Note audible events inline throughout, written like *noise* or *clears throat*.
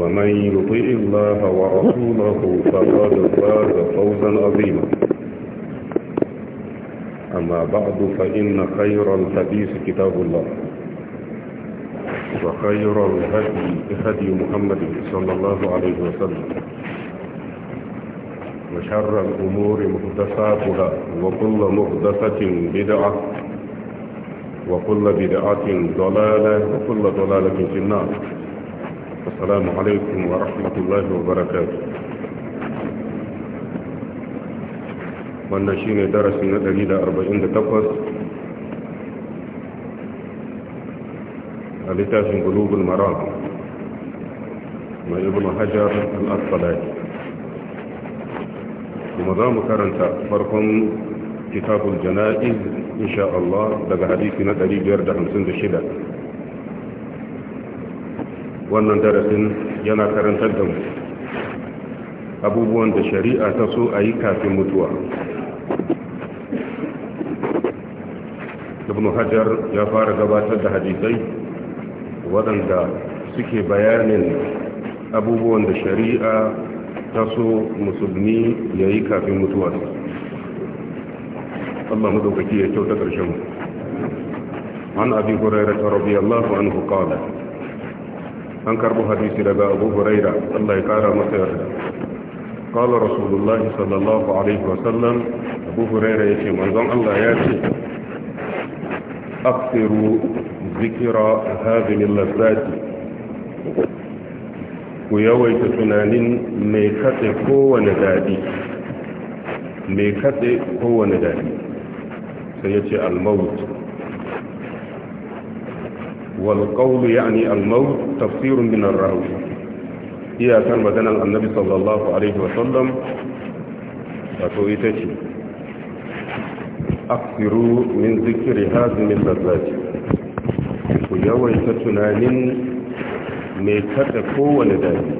ومن يطيع الله ورسوله فقد فاز فوزا عظيما أما بعد فإن خير الحديث كتاب الله وخير الهدي هدي محمد صلى الله عليه وسلم وشر الأمور محدثاتها وكل محدثة بدعة وكل بدعة ضلالة وكل ضلالة في النار السلام عليكم ورحمة الله وبركاته والنشين درس الدليل أربعين تقص الهتاف قلوب المرام ما ابن حجر الأطفال ومضام كرنت فرقم كتاب الجنائز إن شاء الله لقى حديثنا دليل جرد عن سند الشدة wannan darasin yana karantar da mu abubuwan da shari'a ta so a yi kafin mutuwa ibn hajar ya fara gabatar da hadisai waɗanda suke bayanin abubuwan da shari'a ta so musulmi ya yi kafin mutuwa Allah madaukaki ya kyauta ƙarshen an abi hurairah radiyallahu an qala an karbo hadisi daga abu huraira Allah ya kara masa yarda قال رسول الله صلى الله عليه وسلم أبو هريرة يتي منظم الله ياتي أكثر ذكر هذه اللذات ويوي تنان ميكت هو ندادي ميكت هو ندادي سيتي الموت والقول يعني الموت tafsirun min ar-rawi iyakar maganar annabi sallallahu alaihi wasallam wato ita ce aksiru min zikiri hazimin lazzaci ku yawaita tunanin mai kada kowane daji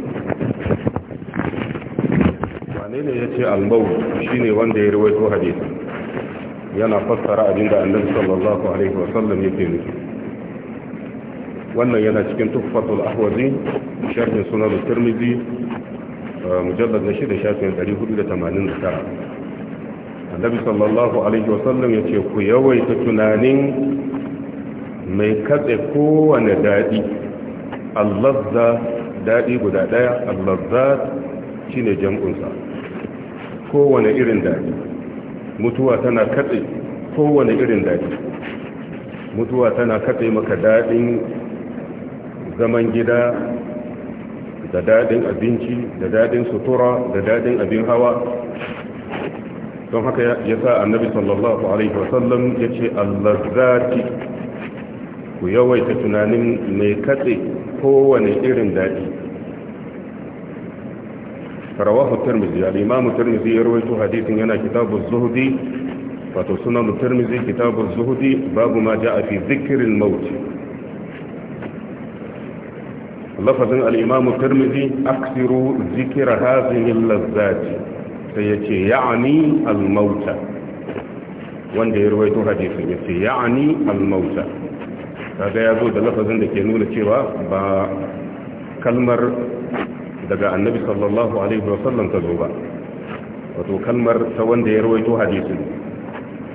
wane ne ya ce almau shi ne wanda ya ruwaito hadisi yana fassara abinda annabi sallallahu alaihi wasallam yake nufi wannan yana cikin tuffatul ahwazi sharhin sunan tirmidhi uh, mujallad na shida shafin 489 annabi sallallahu alaihi wasallam ya ce ku yawaita tunanin mai katse kowane daɗi allazza daɗi guda ɗaya allazza shine jam'unsa kowane irin daɗi mutuwa tana katse kowane irin daɗi mutuwa tana katse maka daɗin zaman gida da dadin abinci da dadin sutura da dadin abin hawa don haka ya sa annabi sallallahu alaihi wasallam ya ce allazati ku yawaita tunanin mai katse kowane irin daɗi rawahu tirmizi al-imam tirmizi ya rawaito hadisin yana kitabu zuhdi wato sunan tirmizi kitabu zuhdi babu ma ja'a fi dhikril maut lafazin al'imamu turmizi aksiru zikira hazinin lazzaci sai ya ce ya'ani mauta wanda ya ruwaito hadisun ya ce ya'ani mauta kaga ya zo da lafazin da ke nuna cewa ba kalmar daga annabi sallallahu alaihi wasallam ta zo ba wato kalmar ta wanda ya ruwaito hadisun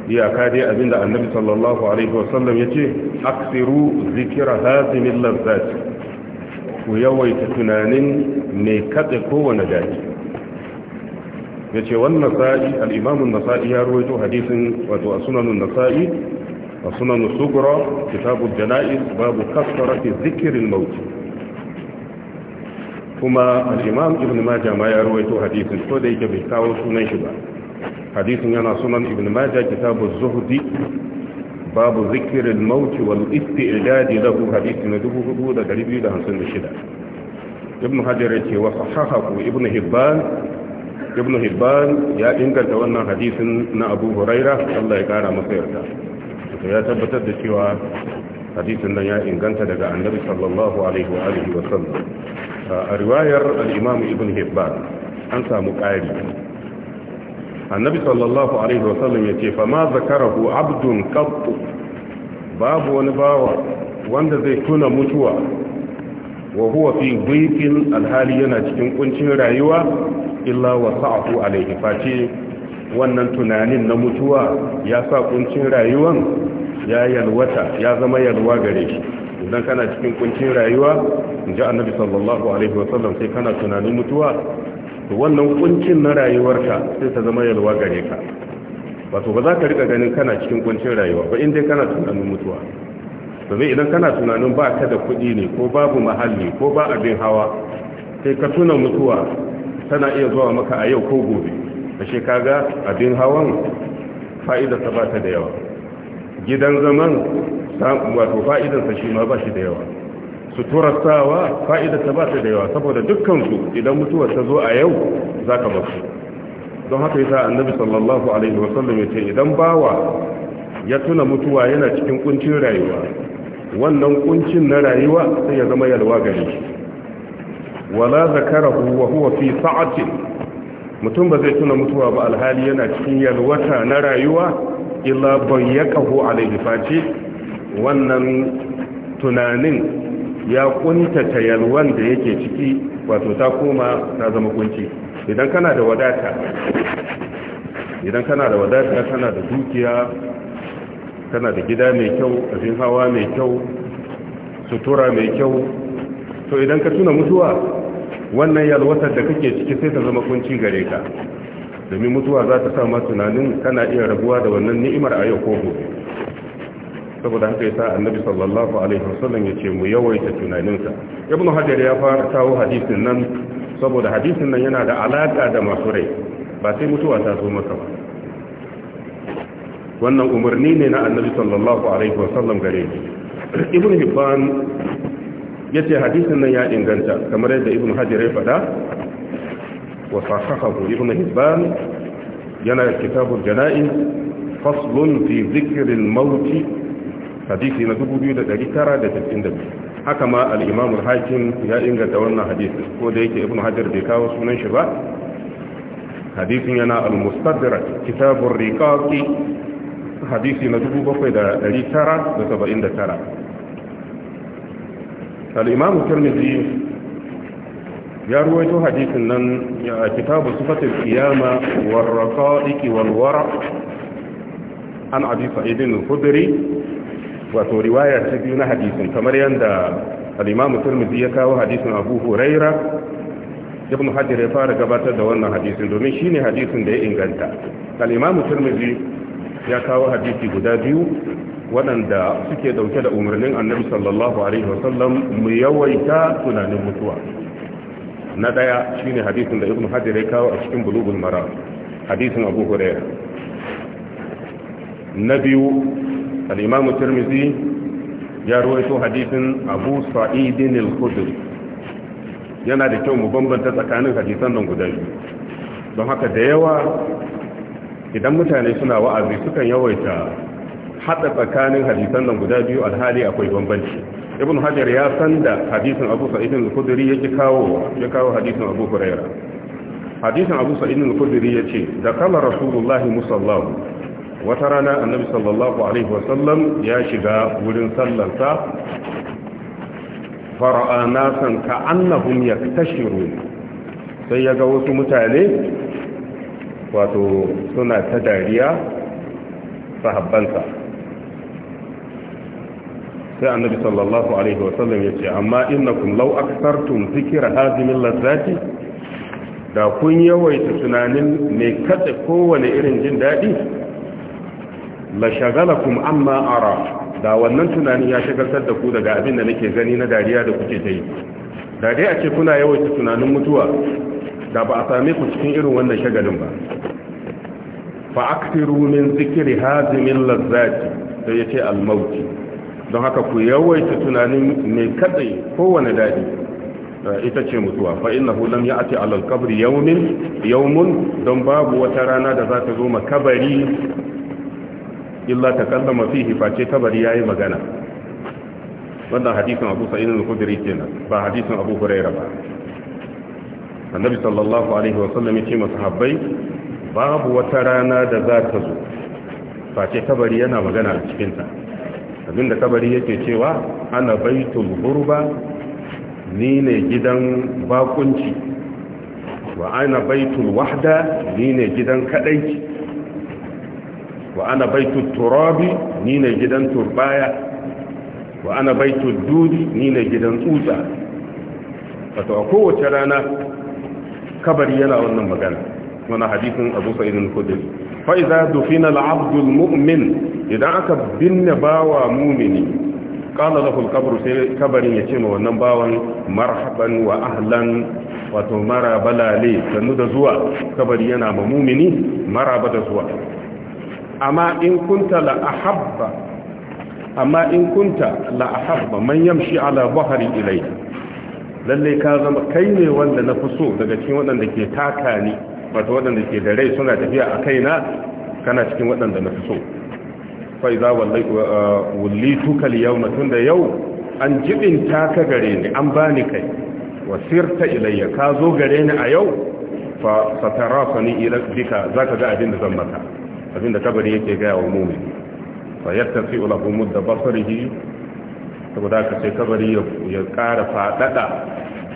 iyaka dai abinda annabi sallallahu alaihi wasallam ya ce aksiru zikira hazinin lazzaci ku yawaita tunanin mai kaɗe kowane daji ya ce wannan sa'i al'imamun sa'i ya ruwaito hadisin wato a sunanun sa'i, a sunanun sugura kitabun jana'iz babu kasfara ke zikirin mauti kuma al'imam ibn maja ma ya ruwaito hadisin to da yake bai kawo sunan shi ba hadisin yana sunan ibn maja kitabun zuhudi babu zikirin mauti wal isti'dadi lahu hadisi na 4256 ibn hajar yace wa sahahahu ibn hibban ibn hibban ya inganta wannan hadisin na abu huraira Allah ya kara masa yarda to ya tabbatar da cewa hadisin nan ya inganta daga annabi sallallahu alaihi wa alihi wa sallam a riwayar al-imam ibn hibban an samu ƙari annabi sallallahu alaihi wasallam ya ce fama zakarahu abdun qattu babu wani bawa wanda zai tuna mutuwa wa huwa fi alhali yana cikin kuncin rayuwa illa wasa'ahu alaihi Fati wannan tunanin na mutuwa ya sa kuncin rayuwan ya yalwata ya zama yalwa gare shi idan kana cikin kuncin rayuwa inji annabi sallallahu alaihi wasallam sai kana tunanin mutuwa to wannan kuncin na rayuwarka sai ta zama yalwa gare ka wato ba za ka rika ganin kana cikin kuncin rayuwa ba inda kana tunanin mutuwa domin idan kana tunanin ba ka da kuɗi ne ko babu mahalli ko ba abin hawa sai ka tuna mutuwa tana iya zuwa maka a yau ko gobe ka kaga abin hawan fa'idar ta ba ta da yawa gidan zaman wato fa'idarsa shi ma ba shi da yawa suturar sawa fa'ida ta ba ta da yawa saboda dukkansu idan mutuwar ta zo a yau za ka basu don haka yasa annabi sallallahu alaihi wasallam ya ce idan bawa ya tuna mutuwa yana cikin kuncin rayuwa wannan kuncin na rayuwa sai ya zama yalwa gari. wala zakara huwa huwa fi sa'ati mutum ba zai tuna mutuwa ba alhali yana cikin yalwata na rayuwa illa bayyakahu alaihi face wannan tunanin ya kunta yalwan da yake ciki wato ta koma ta zama kunci idan kana da wadata idan kana da wadata kana da dukiya kana da gida mai kyau abin hawa mai kyau sutura mai kyau to idan ka tuna mutuwa wannan yalwatar da kake ciki sai ta zama kunci gare ka domin mutuwa za ta sa ma tunanin kana iya rabuwa da wannan ni'imar a yau ko gobe saboda haka yasa annabi sallallahu alaihi wasallam yace mu yawaita tunaninka. ibnu hajar ya fara kawo hadisin nan saboda hadisin nan yana da alaka da masu rai ba sai mutuwa ta zo maka ba wannan umarni ne na annabi sallallahu alaihi wasallam gare ni. ibn hibban yace hadisin nan ya inganta kamar yadda ibn hajar ya faɗa wa sahahahu ibn hibban yana kitabul janaiz faslun fi dhikril mauti hadisi na 2992 haka ma al-imam al-hakim ya inganta wannan hadisi ko da yake ibnu hajar bai kawo sunan shi ba hadisin yana al-mustadrak kitabur riqaqi hadisi na 7979 al-imam tirmidhi ya ruwaito hadisin nan ya kitabu sifatul qiyama war warraka wal wara' an abi sa'id al-khudri wato riwaya ta biyu na hadisin kamar yadda al-imam turmizi ya kawo hadisin abu huraira ibn hajar ya fara gabatar da wannan hadisin domin ne hadisin da ya inganta al-imam turmizi ya kawo hadisi guda biyu waɗanda suke dauke da umarnin annabi sallallahu alaihi wasallam mu yawaita tunanin mutuwa na daya shine hadisin da ibn hajar ya kawo a cikin bulugul mara hadisin abu huraira na biyu al-imam tirmidhi ya rawaito hadisin abu sa'id al-khudri yana da kyau mu bambanta tsakanin hadisan nan guda biyu don haka da yawa idan mutane suna wa'azi sukan yawaita hada tsakanin hadisan nan guda biyu alhali akwai bambanci ibn hajar ya san da hadisin abu sa'id al-khudri yake kawo ya kawo hadisin abu hurairah hadisin abu sa'id al-khudri yace da kala rasulullahi musallahu wata rana annabi sallallahu alaihi wasallam ya shiga wurin sallarsa fara'a san ka annahum tashiru, sai ya ga wasu mutane wato suna ta dariya sahabbansa sai annabi sallallahu alaihi wasallam ya ce amma innakum law aksartum zikra hazimin lazzati da kun yawaita tunanin mai katse kowane irin jin daɗi la amma ara da wannan tunanin ya shagaltar da ku daga abin da nake gani na dariya da kuke ta yi da dai a ce kuna yawaita tunanin mutuwa da ba a same ku cikin irin wannan shagalin ba fa aktiru min zikiri hazimin lazzati sai yace al-mauti don haka ku yawaita tunanin me kadai kowane dadi eh, ita ce mutuwa fa innahu lam ya ala al kabri yawmin yawmun don babu wata rana da za ta zo makabari illa kallama fihi face kabari yayi magana wannan hadisin Abu Sa'id al-Khudri kenan ba hadisin Abu Hurairah ba Annabi sallallahu alaihi wa sallam yace masahabbai babu wata rana da za ta zo face kabari yana magana a cikinta. ta abinda kabari yake cewa ana baitul gurba, ni ne gidan bakunci wa ana baitul wahda ni ne gidan kadaici wa ana baitu turabi ni ne gidan turbaya wa ana baitu dudi ni ne gidan tsutsa wato a kowace rana kabari yana wannan magana wani hadisin abu sa'idin kudin fa'iza dufina al'abdul mu'min idan aka binne bawa mumini kala da hulkabar sai kabarin ya ce ma wannan bawan marhaban wa ahlan wato mara balale sannu da zuwa kabari yana ma mumini ba da zuwa amma in kunta la ahabba amma in kunta la ahabba man yamshi ala bahri ilayya lalle ka zama kai ne wanda na fi so daga cikin waɗanda ke taka ni wato waɗanda ke da rai suna tafiya a kaina kana cikin waɗanda na fi so fa iza wallituka uh, al-yawma tunda yau an jibin taka gare ni an bani kai wasirta ilayya ka zo gare ni a yau fa satarafani ila bika zaka ga abin da zan maka abinda kabari yake gaya wa mumin fa yattafi lahu mudda basarihi saboda ka sai kabari ya kara fadada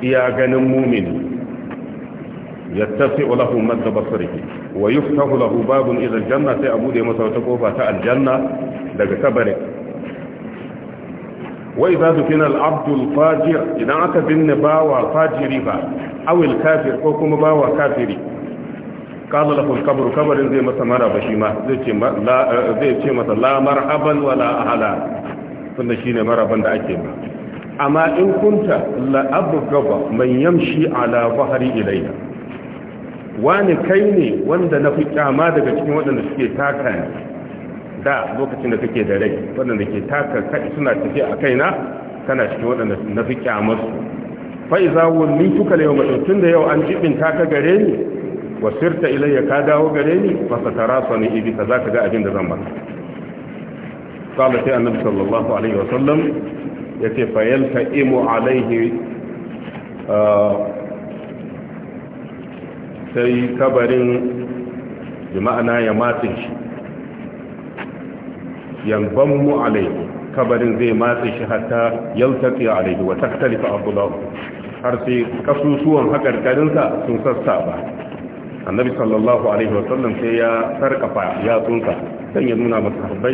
iya ganin mumin yattafi lahu mudda basarihi wa yuftahu lahu babun ila janna sai abu da masa wata kofa ta aljanna daga kabari wa idza dukina al-abdu al-fajir idan aka binne bawa fajiri ba aw al-kafir ko kuma bawa kafiri qala da al kabarin zai masa maraba shi ma zai ce zai ce masa la marhaban wala ahla tunda shine maraban da ake ba amma in kunta la'abu abghaba mai yamshi ala fahri ilayna wani kai ne wanda na fi kyama daga cikin waɗanda suke taka ne da lokacin da kake da rai waɗanda ke taka kai suna tafiya a kaina kana cikin waɗanda na fi kyamar su fa'iza wani tuka da yau mutum da yau an jibin taka gare ni wasirta ilayya ka dawo gare ni fasatara sani ibi ka zaka ga abin da zan baka qala sai annabi sallallahu alaihi wa wasallam yace fa imu alaihi uh, sai kabarin jima'ana ya matse shi yanban mu alaihi kabarin zai matse shi hatta yaltaqi alaihi wa taktalifa abdullah har sai kasusuwan hakarkarinsa sun sassa ba annabi sallallahu alaihi sallam sai ya sarkafa yatsunsa don ya nuna masu harbai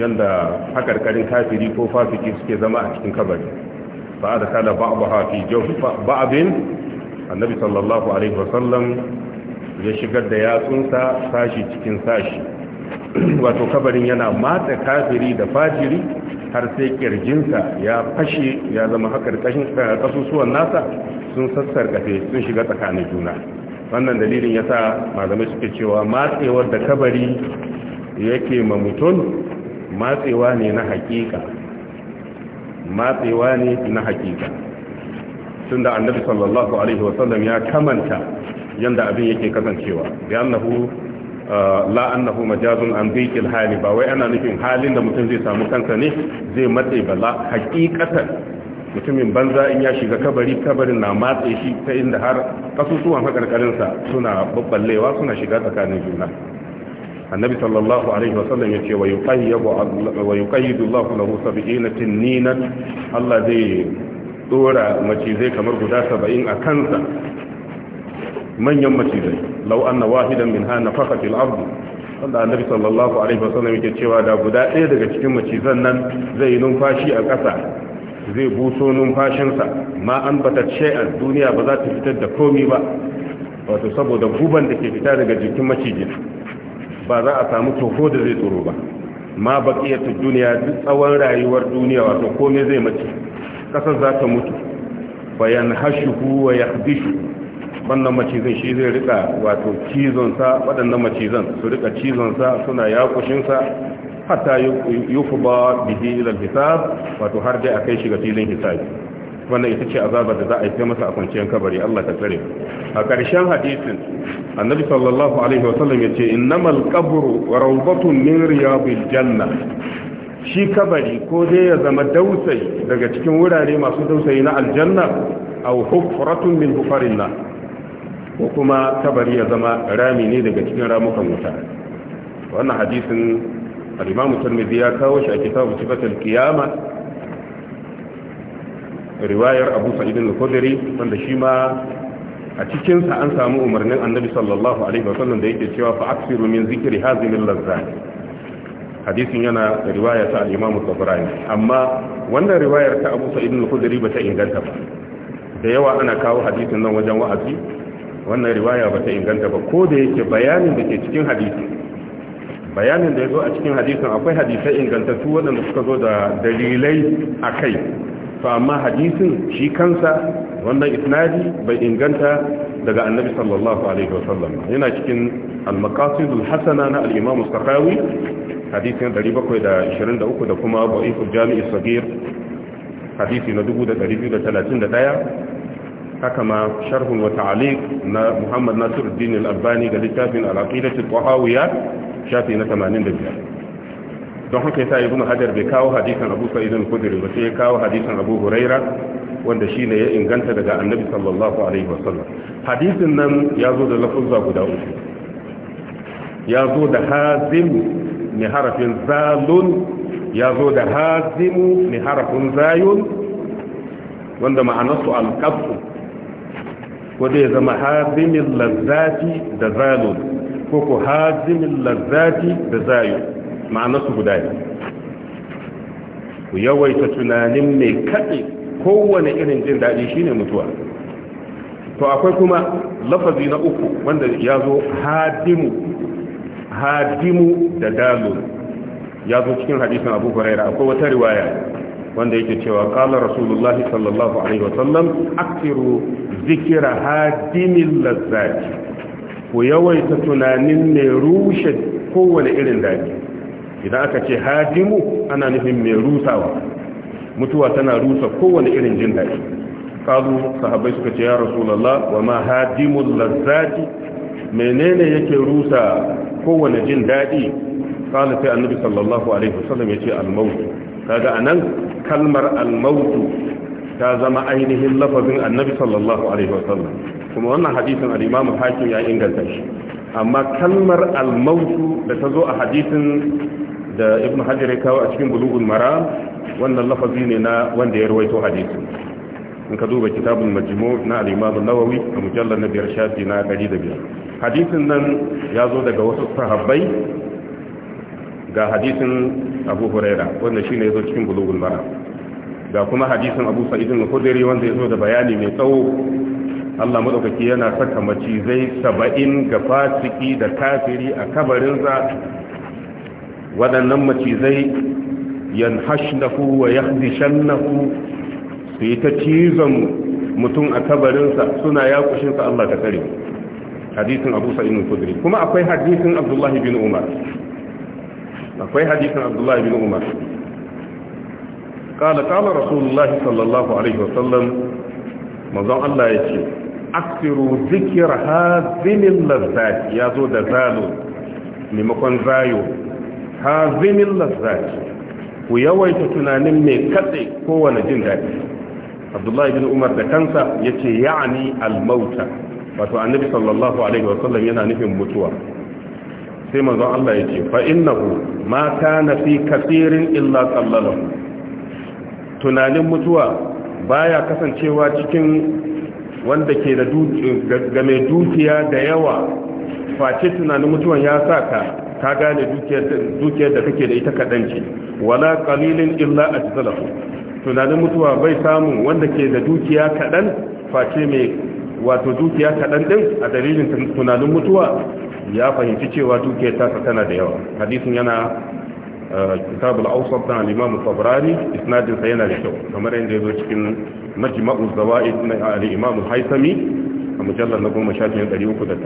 yadda hakarkarin kafiri ko fasiki suke zama a cikin kabari ba da kada ba abu hafi ba'abin annabi sallallahu alaihi sallam ya shigar da yatsunsa sashi cikin sashi *clears throat* wato kabarin yana matsa kafiri da fajiri har sai kirjinsa ya fashe ya zama hakarkashin kasusuwan eh, nasa sun sassarƙafe sun shiga tsakanin juna wannan dalilin ya sa malamai suke cewa matsewar da kabari yake ma mutum matsewa ne na hakika matsewa ne na hakika tun da annabi sallallahu alaihi wasallam ya kamanta yanda abin yake kasancewa bi annahu uh, la annahu majazun an dhikil hali ba wai ana nufin halin da mutum zai samu kansa ne zai matse ba la haqiqatan mutumin banza in ya shiga kabari kabarin na matse shi ta inda har kasusuwan hakarkarinsa suna babballewa suna shiga tsakanin juna annabi sallallahu alaihi wasallam ya ce wa yuqayyidu Allah lahu sab'ina tinnina Allah zai dora macizai kamar guda 70 a kansa manyan macizai law anna wahidan minha nafakha fil ard wanda annabi sallallahu alaihi wasallam yake cewa da guda ɗaya daga cikin macizan nan zai yi numfashi a ƙasa zai buso numfashinsa ma an bata a duniya ba za ta fitar da komi ba wato saboda guban da ke fita daga jikin macijin. ba za a samu toho da zai tsoro ba ma baqiyatu duniya duk tsawon rayuwar duniya wato komai zai mace kasar za ta mutu bayan hashuhu wa yahdishu wannan macizan shi zai rika wato cizonsa waɗannan macizan su rika cizonsa suna yakushinsa hatta ba bihi ila hisab wato har dai a akai shiga filin hisabi wannan ita ce azabar da za a yi masa a kwanciyar kabari Allah ta tsare a ƙarshen hadisin annabi sallallahu alaihi wa sallam yace innamal qabru rawdatun min riyadil janna shi kabari ko dai ya zama dausayi daga cikin wurare masu dausayi na aljanna aw hufratun min hufarin nar ko kuma kabari ya zama rami ne daga cikin ramukan wuta wannan hadisin alimamu imamu ya kawo shi a kitabu sifatul kiyama riwayar abu sa'id al-khudri wanda shi ma a cikinsa an samu umarnin annabi sallallahu alaihi wasallam da yake cewa fa aksiru min zikri hazil al hadisin yana riwaya ta alimamu imamu tabarani amma wannan riwayar ta abu sa'id al-khudri ba ta inganta ba da yawa ana kawo hadisin nan wajen wa'azi wannan riwaya ba ta inganta ba ko da yake bayanin da ke cikin hadisi bayanin da ya zo a cikin hadisin akwai hadisai ingantattu waɗanda suka zo da dalilai a kai to amma hadisin shi kansa wannan isnadi bai inganta daga annabi sallallahu alaihi wasallam yana cikin al-maqasidul hasana na al-imam as-sakhawi hadisin 723 da kuma da'iful jami' as-saghir hadisi na 2231 haka ma sharhun wa ta'aliq na Muhammad Nasiruddin Al-Albani ga littafin Al-Aqidah Al-Tahawiyya shafi na 85 don haka yasa ibnu hajar bai kawo hadisan abu sa'id al-khudri ba sai ya kawo hadisan abu huraira wanda shi ne ya inganta daga annabi sallallahu alaihi wasallam hadisin nan ya zo da lafuzza guda uku ya zo da hazim ne harafin zalun ya zo da hazimu ne harafin zayun wanda ma'anarsu alƙafu wanda ya zama hazimin lazzati da zalun ko ko hazimin lazzati da ma'ana su guda ne ku yawaita tunanin mai kaɗe kowane irin jin daɗi shine mutuwa to akwai kuma lafazi na uku wanda ya zo hadimu hadimu da dalo ya zo cikin hadisin abu huraira akwai wata riwaya wanda yake cewa kala rasulullah sallallahu alaihi wasallam aktiru zikira hadimin lazzati ku yawaita tunanin mai rushe kowane irin daɗi idan aka ce hadimu ana nufin mai rusawa mutuwa tana rusa kowane irin jin daɗi ƙazu sahabai suka ce ya rasulallah wa ma hadimun lazzati menene yake rusa kowane jin daɗi ƙalu sai annabi sallallahu alaihi wasallam ya ce almautu kaga anan kalmar almautu ta zama ainihin lafazin annabi sallallahu alaihi wasallam kuma wannan hadisin al-imam hakim ya inganta shi amma kalmar al da ta zo a hadisin da ibn hajar ya kawo a cikin bulugun maram wannan lafazi ne na wanda ya rawaito hadisin in ka duba kitabul majmu' na al nawawi a mujallar na biyar shafi na da biyar hadisin nan ya zo daga wasu sahabbai ga hadisin abu huraira wanda shine ya zo cikin bulugun maram ga kuma hadisin abu sa'id al khudairi wanda ya zo da bayani mai tsawo Allah madaukaki yana saka macizai saba'in ga fasiki da kafiri a kabarinsa waɗannan macizai yanhashnahu wa yahdishannahu su yi ta cizon mutum a kabarinsa suna yakushinsa Allah ta tsare hadisin Abu Sa'id al-Khudri kuma akwai hadisin Abdullah ibn Umar akwai hadisin Abdullah ibn Umar قال قال رسول الله صلى الله عليه وسلم manzon Allah ya ce aksiru zikir hazinin lazzat ya zo da zalo maimakon zayo hazinin lazzat ku yawaita tunanin mai katse kowane jin daɗi abdullahi bin umar da kansa ya ce ya'ani almauta wato annabi sallallahu alaihi wasallam yana nufin mutuwa sai manzon Allah ya ce fa innahu ma kana fi kasirin illa sallallahu tunanin mutuwa baya kasancewa cikin wanda ke da dukiya da yawa face tunanin mutuwan ya sa ka ka gane dukiyar da kake da ita kaɗan ce wala kalilin illa ajzalahu tunanin mutuwa bai samu wanda ke da dukiya kaɗan face mai wato dukiya kaɗan ɗin a dalilin tunanin mutuwa ya fahimci cewa dukiyar tasa tana da yawa hadisin yana kitab al-awsat na al-imam tabrani isnadin sa yana da kyau kamar yadda yazo cikin majma'u zawaid na al-imam haythami a mujallal na 10309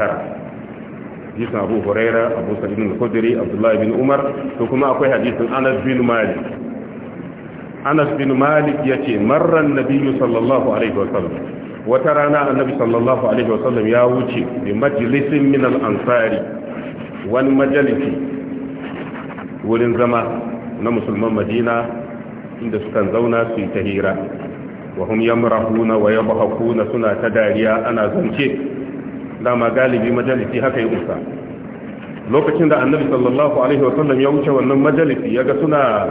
hadisin abu huraira abu sa'id al-khudri abdullah bin umar to kuma akwai hadisin anas bin malik anas bin malik yace 'an nabiyyu sallallahu alaihi wa sallam wata rana annabi sallallahu alaihi wa sallam ya wuce bi majlisin min al-ansari wani majalisi wurin zama na musulman madina inda sukan zauna su yi ta hira wa hum yamrahuna wa hakuna suna ta dariya ana zance dama galibi majalisi haka yi musa lokacin da annabi sallallahu alaihi wasallam ya wuce wannan majalisi ya ga suna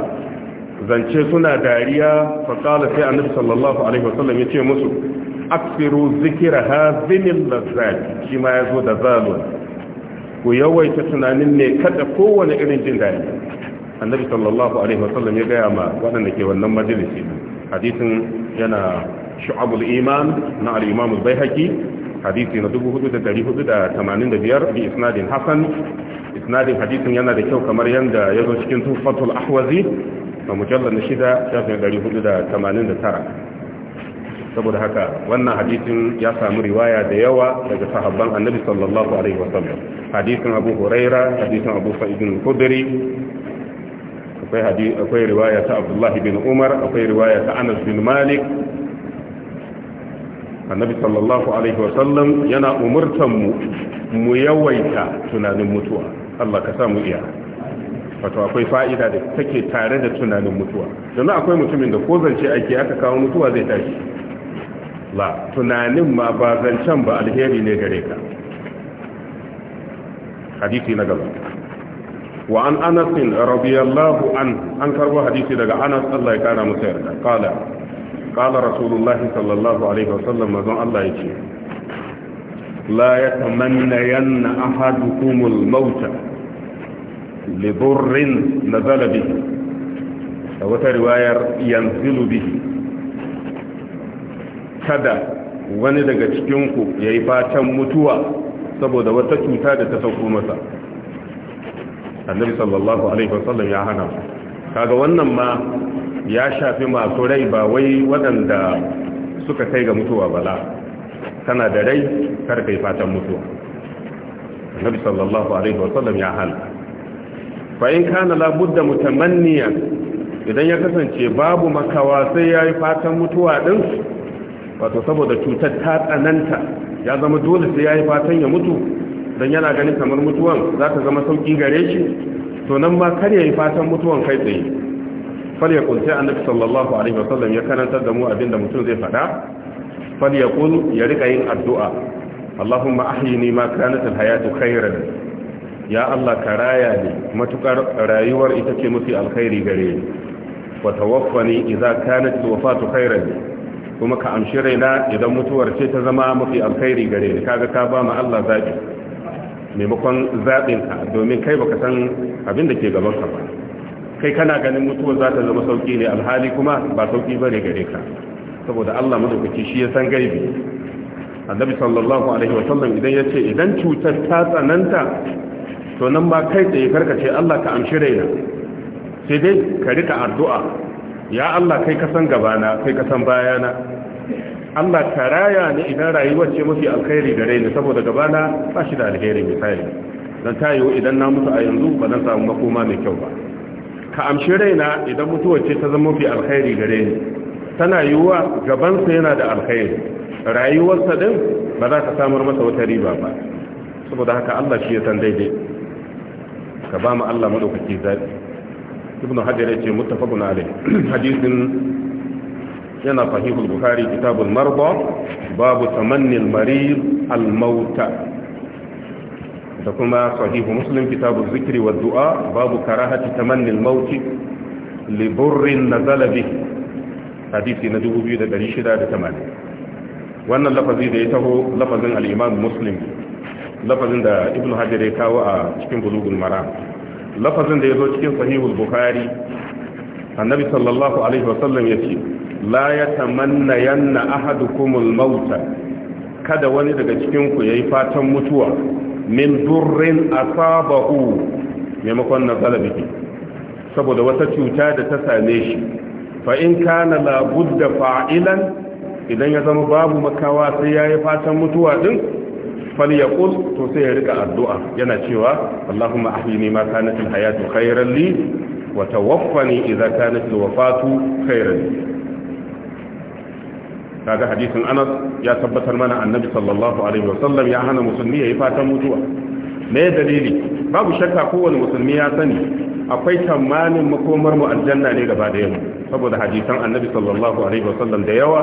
zance suna dariya fa sai annabi sallallahu alaihi wasallam ce musu aksiru zikira hazinil lazzat shi ma zo da zalun ku yawaita tunanin ne kada kowane irin jin dariya annabi sallallahu alaihi wasallam ya gaya ma waɗanda ke wannan majalisi hadisin yana shu'abul iman na al-imam al-baihaqi hadisi na 4485 bi isnadin hasan isnadin hadisin yana da kyau kamar yanda zo cikin tufatul ahwazi a mujallal na shida shafin 489 saboda haka wannan hadisin ya samu riwaya da yawa daga sahabban annabi sallallahu alaihi wasallam hadisin abu huraira hadisin abu sa'id al-khudri akwai hadisi akwai riwaya ta Abdullah bin Umar akwai riwaya ta Anas bin Malik annabi sallallahu alaihi wa sallam yana umurtan mu mu yawaita tunanin mutuwa Allah ka samu iya wato akwai fa'ida da take tare da tunanin mutuwa don akwai mutumin da ko zance ake aka kawo mutuwa zai tashi la tunanin ma ba zancen ba alheri ne gare ka hadisi na gaba wa an anas radiyallahu an an karbo hadisi daga anas Allah ya kara masa yarda kala kala rasulullah sallallahu alaihi wasallam manzon Allah yace la yatamanna yanna ahadukumul mauta li burrin nazala bihi da wata riwayar yanzilu bihi kada wani daga cikinku yayi fatan mutuwa saboda wata cuta da ta sauko masa annabi sallallahu alaihi wasallam ya hana kaga wannan ma ya shafi masu rai ba wai waɗanda suka kai ga mutuwa bala kana da rai kar kai fatan mutuwa annabi sallallahu alaihi wasallam ya hana fa in kana labudda mutamanniya idan ya kasance babu makawa sai yayi fatan mutuwa din wato saboda cutar ta tsananta ya zama dole sai yayi fatan ya mutu don yana ganin kamar mutuwan za ta zama sauƙi gare shi to nan ma kar yayi fatan mutuwan kai tsaye fal yaqul sai annabi sallallahu alaihi wasallam ya karanta da mu abinda mutum zai faɗa. fal yaqul ya rika yin addu'a Allahumma ahyini ma kanat alhayatu khayran ya Allah ka raya ni matukar rayuwar ita ce mafi alkhairi gare ni wa tawaffani idza kanat alwafatu khayran kuma ka amshi raina idan mutuwar ce ta zama mafi alkhairi gare ni kaga ka ba mu Allah zaki maimakon zaɓin ka domin kai ba ka san abin da ke gabanka ba kai kana ganin mutuwar za ta zama sauƙi ne alhali kuma ba sauƙi ba ne gare ka saboda Allah madaukaki shi ya san gaibi annabi sallallahu alaihi wasallam idan ya ce, idan cutar ta tsananta to nan ba kai tsaye ce Allah ka amshi raina sai dai ka rika addu'a ya Allah kai ka san gabana kai ka san na. Allah ka raya ni idan rayuwar ce mafi alkhairi gare ni saboda gabana ba shi da alheri misali dan tayo idan na mutu a yanzu ba zan samu makoma mai kyau ba ka amshi raina idan mutuwar ce ta zama mafi alkhairi gare ni tana yiwuwa gabansa yana da alkhairi rayuwarsa din ba za ka samar masa wata riba ba saboda haka Allah shi ya san daidai ka ba mu Allah madaukaki zabi ibnu hajar ya ce muttafaqun alayh *clears throat* hadisin yana sahihul bukhari kitabul marba babu tamannil marid al mauta da kuma sahihu muslim kitabun zikiri wa du'a babu karahati tamannil maut li burrin nazala bi hadisi na 2680 wannan lafazi da ya taho lafazin al-imam muslim lafazin da Ibn hajar ya kawo a cikin bulugun mara lafazin da ya zo cikin sahihul bukhari annabi sallallahu alaihi wasallam ya ce la yatamanna yanna ahadukumul mauta kada wani daga cikin ku yayi fatan mutuwa min durrin asabahu maimakon na zalabihi saboda wata cuta da ta same shi fa in kana la budda fa'ilan idan ya zama babu makawa sai yayi fatan mutuwa din falyaqul to sai ya rika addu'a yana cewa Allahumma ahyini ma kanat hayatu khayran li wa tawaffani idha kanat alwafatu khayran li kaga hadisin anas ya tabbatar mana annabi sallallahu alaihi wasallam ya hana musulmi yayi fatan mutuwa me dalili babu shakka kowane musulmi ya sani akwai tamanin makomar mu aljanna ne gaba da yamma saboda hadisan annabi sallallahu alaihi wasallam da yawa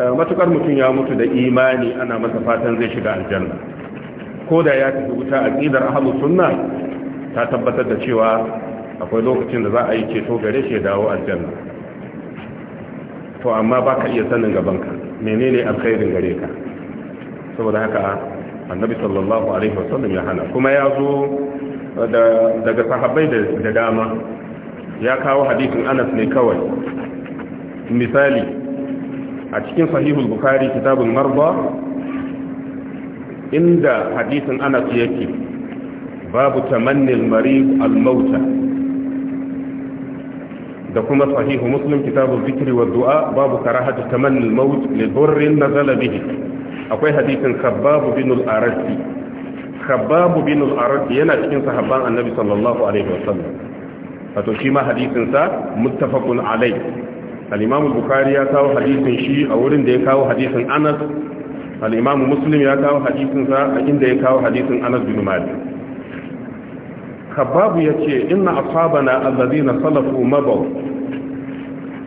eh, matukar mutum ya mutu da imani ana masa fatan zai shiga aljanna ko da ya tafi wuta aqidar ahlus sunna ta tabbatar da cewa akwai lokacin da za a yi ceto gare shi ya dawo aljanna to amma ba ka iya sanin gabanka menene alkhairin gare ka saboda haka annabi sallallahu alaihi wasallam ya hana kuma ya zo daga sahabbai da dama ya kawo hadisin anas ne kawai misali a cikin sahihul bukhari kitabul marba inda hadisin anas yake babu tamannil marid al-mauta da kuma sahihu muslim kitabu zikri wa du'a babu karahatu tamanni al-maut li dhurrin nazala bihi akwai hadisin khabbab bin al-arati khabbab bin al-arati yana cikin sahabban annabi sallallahu alaihi wasallam wato shi ma hadisin sa muttafaqun alai al-imam al-bukhari ya kawo hadisin shi a wurin da ya kawo hadisin anas al-imam muslim ya kawo hadisin sa a inda ya kawo hadisin anas bin malik khababu ya ce inna asabana allazi na salafu mabau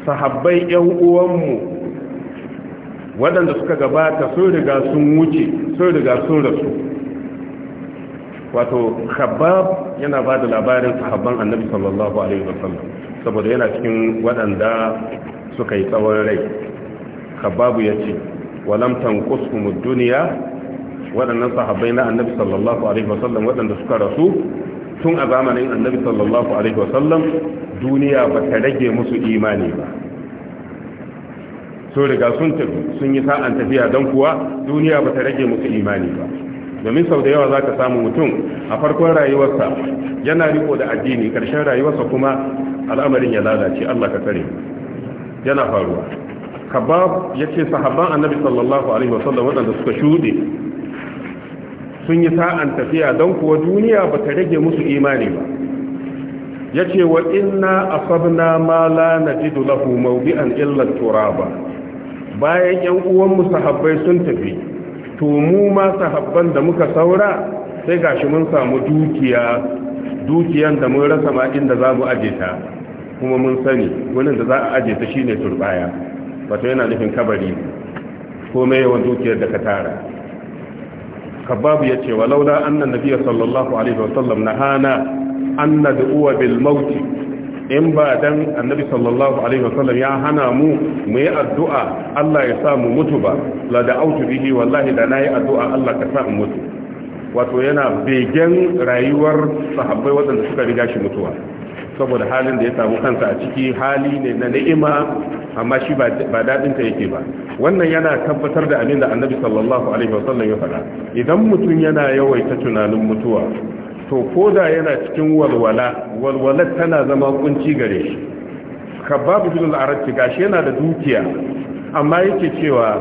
sahabbai yan uwanmu waɗanda suka gabata sun riga sun wuce sun riga sun rasu wato khabab yana ba da labarin sahabban annabi sallallahu alaihi wasallam saboda yana cikin waɗanda suka yi tsawon rai khababu ya ce walam tanqusuhum duniya, dunya waɗannan sahabbai na annabi sallallahu alaihi wasallam waɗanda suka rasu tun a zamanin annabi sallallahu alaihi wasallam duniya ba ta rage musu imani ba so riga sun tafi sun yi sa'an tafiya don kuwa duniya ba ta rage musu imani ba domin sau da yawa za ka samu mutum a farkon rayuwarsa yana riko da addini ƙarshen rayuwarsa kuma al'amarin ya lalace allah ka tsare yana faruwa kabab ya ce sahabban annabi sallallahu alaihi wasallam waɗanda suka shuɗe sun yi sa'an tafiya don kuwa duniya ba ta rage musu imani ba ya ce wa inna asabna ma la najidu an illar tura ba. bayan yan uwanmu sahabbai sun tafi to mu ma sahabban da muka saura sai gashi mun samu dukiya dukiyan da mun rasa ma inda za mu aje ta kuma mun sani wani da za a aje ta shine turbaya wato yana nufin kabari ko mai yawan dukiyar da ka tara kababu ya ce walaula annan nabiya sallallahu alaihi wasallam na hana an na bil mauti in ba dan annabi sallallahu alaihi wasallam ya hana mu mu yi addu'a Allah ya sa mu mutu ba la autu bihi wallahi da nayi addu'a Allah ka sa mu mutu wato yana begen rayuwar sahabbai waɗanda suka riga shi mutuwa saboda halin da ya samu kansa a ciki hali ne na ni'ima amma shi ba daɗinta yake ba wannan yana tabbatar da abin da annabi sallallahu alaihi wasallam ya faɗa idan mutum yana yawaita tunanin mutuwa to ko da yana cikin walwala walwalar tana zama kunci gare shi kababu bin arabci gashi yana da dukiya amma yake cewa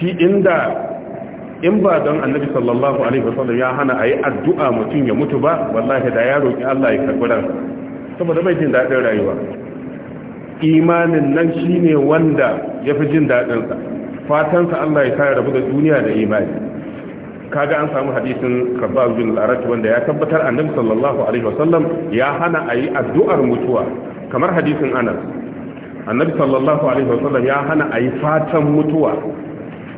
shi inda in ba don annabi sallallahu alaihi wasallam ya hana ayi addu'a mutum ya mutu ba wallahi da ya roki Allah ya karbi ran saboda bai jin daɗin rayuwa imanin nan shine wanda yafi jin daɗinsa. Fatansa Allah ya kare rabu da duniya da imani kaga an samu hadisin Khabbab bin al wanda ya tabbatar annabi sallallahu alaihi wasallam ya hana yi addu'ar mutuwa kamar hadisin Anas annabi sallallahu alaihi wasallam ya hana ayi fatan mutuwa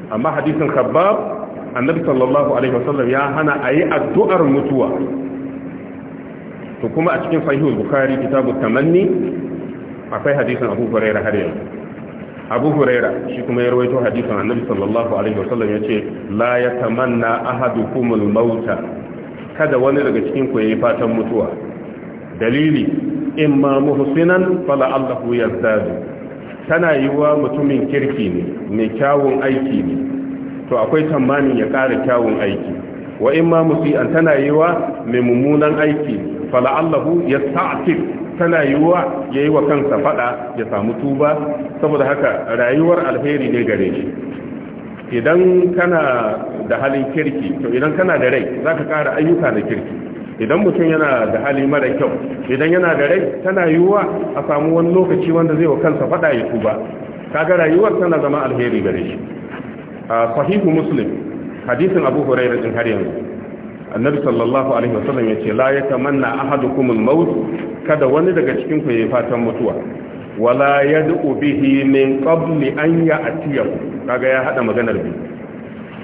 amma hadisin Khabbab annabi sallallahu alaihi wasallam ya hana a yi addu'ar mutuwa to kuma a cikin sahihul bukhari kitabu tamanni akwai hadisin abu huraira har yanzu abu huraira shi kuma ya rawaito hadisin annabi sallallahu alaihi wasallam ce, la ya tamanna yatamanna ahadukumul mauta kada wani daga cikin ku yayi fatan mutuwa dalili imma muhsinan fala allahu yazdadu tana yiwa mutumin kirki ne mai kyawun aiki ne to akwai tamanin ya ƙara kyawun aiki wa in ma musi'an tana yiwa mai mummunan aiki fala'allahu ya sa'atif tana yiwa ya yi wa kansa fada ya samu tuba saboda haka rayuwar alheri ne gare shi idan kana da halin kirki to idan kana da rai za ka ƙara ayyuka da kirki idan mutum yana da hali mara kyau idan yana da rai tana wa a samu wani lokaci wanda zai wa kansa faɗa ya tuba kaga rayuwar tana zama alheri gare shi sahihu muslim hadisin abu huraira din har yanzu annabi sallallahu alaihi wasallam ya ce la yatamanna ahadukum al-maut kada wani daga cikin ku yayi fatan mutuwa wala yad'u bihi min qabli an ya'tiya kaga ya hada maganar bi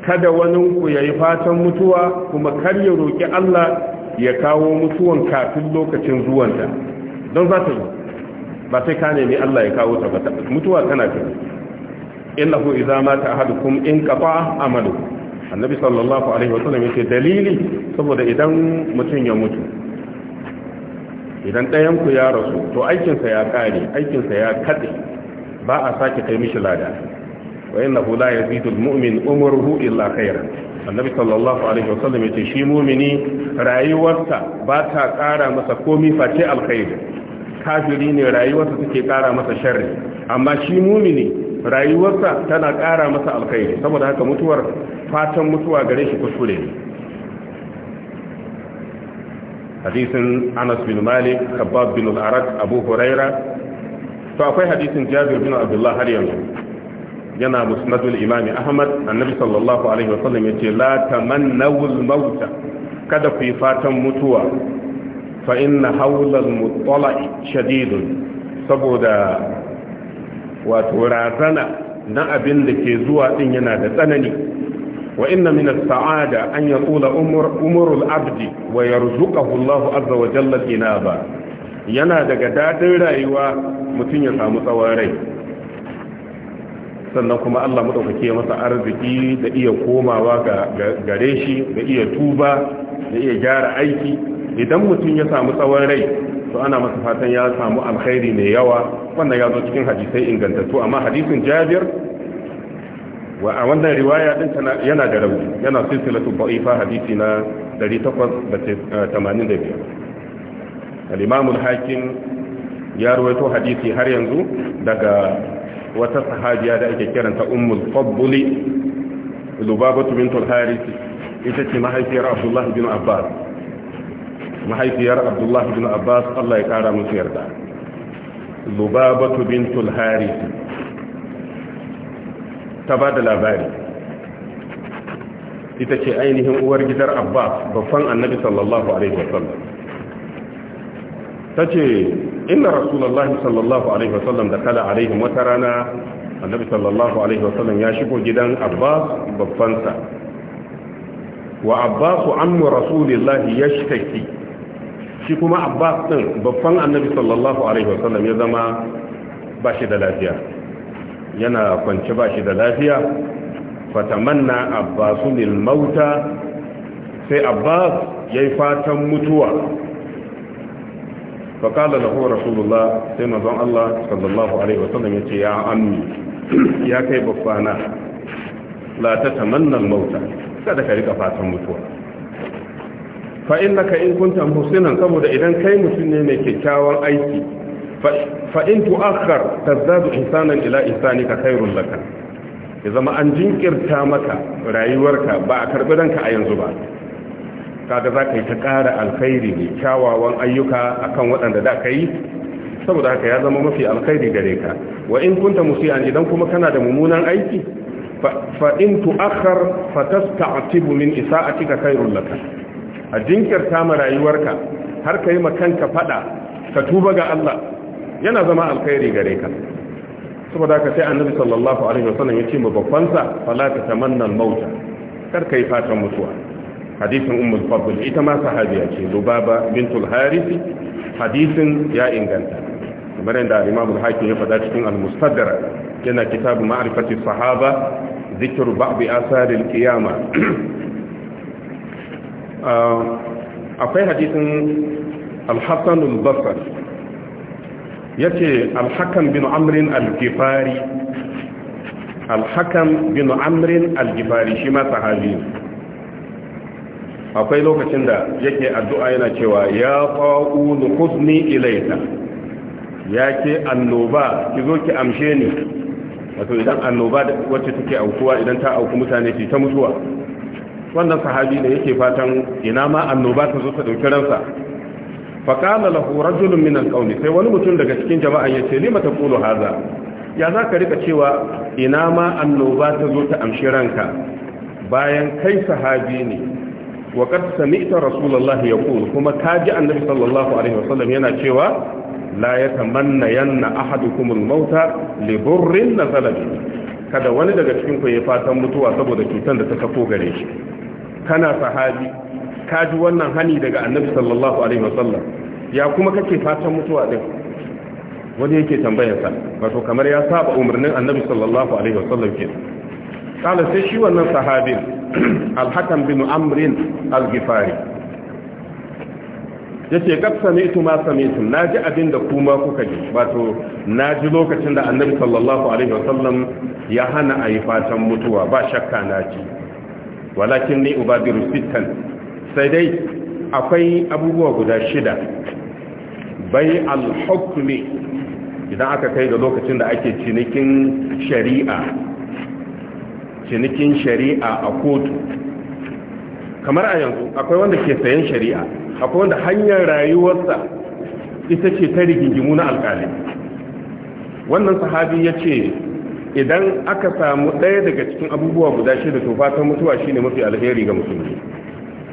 kada wani ku yayi fatan mutuwa kuma kar ya roki Allah ya kawo mutuwan kafin lokacin zuwanta don za ta yi ba sai ka nemi Allah ya kawo ta ba mutuwa tana ta. innahu idza mata ahadukum in qafa amalu annabi sallallahu alaihi wa wasallam yake dalili saboda idan mutum ya mutu idan ɗayan ku ya rasu to aikinsa ya kare aikinsa ya kade ba a sake kai mishi lada wa innahu la yazidu almu'min umruhu illa khairan annabi sallallahu alaihi wa wasallam yace shi mu'mini rayuwarsa ba ta kara masa komai face alkhairi kafiri ne rayuwarsa take kara masa sharri amma shi mu'mini rayuwarsa tana ƙara masa alkhairi saboda haka mutuwar fatan mutuwa gare shi kuskure hadisin anas bin malik kabab bin al-arad abu huraira to akwai hadisin jabir bin abdullah har yanzu yana musnadul imami ahmad annabi sallallahu alaihi wa sallam yace la tamannawul mauta kada ku yi fatan mutuwa fa inna hawlal muttala'i shadidun saboda wato razana na abin da ke zuwa din yana da tsanani wa inna min as-sa'ada an yaqula umur umurul abdi wa yarzuqahu Allah azza wa jalla inaba yana daga dadin rayuwa mutum ya samu tsawon rai sannan kuma Allah madaukake masa arziki da iya komawa ga gare shi da iya tuba da iya gyara aiki idan mutum ya samu tsawon rai to ana masa fatan ya samu alkhairi mai yawa wannan ya zo cikin hadisai ingantattu amma hadisin jabir wa a wannan riwaya din yana da rauni yana silsilatu ba'ifa hadisi na 885 al-imam al-hakim ya rawaito hadisi har yanzu daga wata sahabiya da ake kiranta ummul fabbuli lubabatu bintul harith ita ce mahaifiyar abdullahi bin abbas mahaifiyar abdullahi bin abbas allah ya kara musu yarda lubabatu bintul hari ta ba da labari ita ce ainihin uwar gidar abbas babban annabi sallallahu alaihi wasallam ta ce inna rasulallah sallallahu alaihi wasallam da kala alaihim wata rana annabi sallallahu alaihi wasallam ya shigo gidan abbas babbansa wa abbasu ammu rasulillahi yashtaki shi kuma abbas din babban annabi sallallahu alaihi wasallam ya zama ba shi da lafiya yana kwance ba shi da lafiya fatamanna abbasun mauta sai abbas ya yi fatan mutuwa faƙalar da kuma rasulullah sai mazan allah sallallahu alaihi wasallam ya ce ya ammi ya kai babbana la ta tamannan mauta kada ka rika fatan mutuwa fa innaka in kunta muhsinan saboda idan kai mutum ne mai kyakkyawan aiki fa in tu'akhkhar tazdadu ihsanan ila ka khairul laka ya zama an jinkirta maka rayuwarka ba a karbi ranka a yanzu ba kaga za ka yi ta ƙara alkhairi ne kyawawan ayyuka kan waɗanda da ka yi saboda haka ya zama mafi alkhairi gare ka wa in kunta musian idan kuma kana da mummunan aiki fa in tu'akhkhar fa tasta'tibu min isa'atika khairul laka a jinkirta ma rayuwarka har ka yi kanka fada ka tuba ga Allah yana zama alkhairi gare ka saboda ka sai annabi sallallahu alaihi wasallam ya ce ma babbansa fala ta tamanna al-mauta kar kai fatan mutuwa hadisin ummul fadl ita ma sahabiya ce lubaba bintul harith hadisin ya inganta kamar yadda imam al-hakim ya faɗa cikin al-mustadrak yana kitabu ma'rifati sahaba Zikiru بعض آثار القيامة Ah, akwai hadisin al-hassan al-basri yace al-hakam bin amrin al-gifari al bin amrin al-gifari shi ma sahabi akwai lokacin da yake addu'a yana cewa ya qa'u ilaita, ilayka yake annoba ki zo ki amshe ni wato idan annoba wacce take aukuwa idan ta auku mutane ce ta mutuwa wannan sahabi ne yake fatan ina ma annoba ta zo ta dauki ransa fa qala lahu rajulun min alqawli sai wani mutum daga cikin jama'a ya ce lima taqulu hadha ya zaka rika cewa ina ma annoba ta zo ta amshi ranka bayan kai sahabi ne wa qad sami'ta rasulullahi yaqul kuma ji annabi sallallahu alaihi wasallam yana cewa la ya tamanna yanna ahadukumul mauta li burrin nazala kada wani daga cikin ku ya fatan mutuwa saboda cutar da ta kafo gare shi kana sahabi ka ji wannan hani daga annabi sallallahu alaihi wasallam ya kuma kake fatan mutuwa din wani yake tambayar sa wato kamar ya saba umarnin annabi sallallahu alaihi wasallam ke kala sai shi wannan sahabin *clears throat* al-hakam bin amrin al-gifari yace kad sami'tu ma sami'tu naji abin da kuma kuka ji wato naji lokacin da annabi sallallahu alaihi wasallam ya hana a yi fatan mutuwa ba shakka naji walakin ni ubadiru sittan sai dai akwai abubuwa guda shida bai al idan aka kai da lokacin da ake cinikin shari'a cinikin shari'a a kotu kamar a yanzu akwai wanda ke sayan shari'a akwai wanda hanyar rayuwarsa ita ce ta rigingimu na alkali wannan sahabi ya ce idan aka samu ɗaya daga cikin abubuwa guda shida to fatan mutuwa shine mafi alheri ga musulmi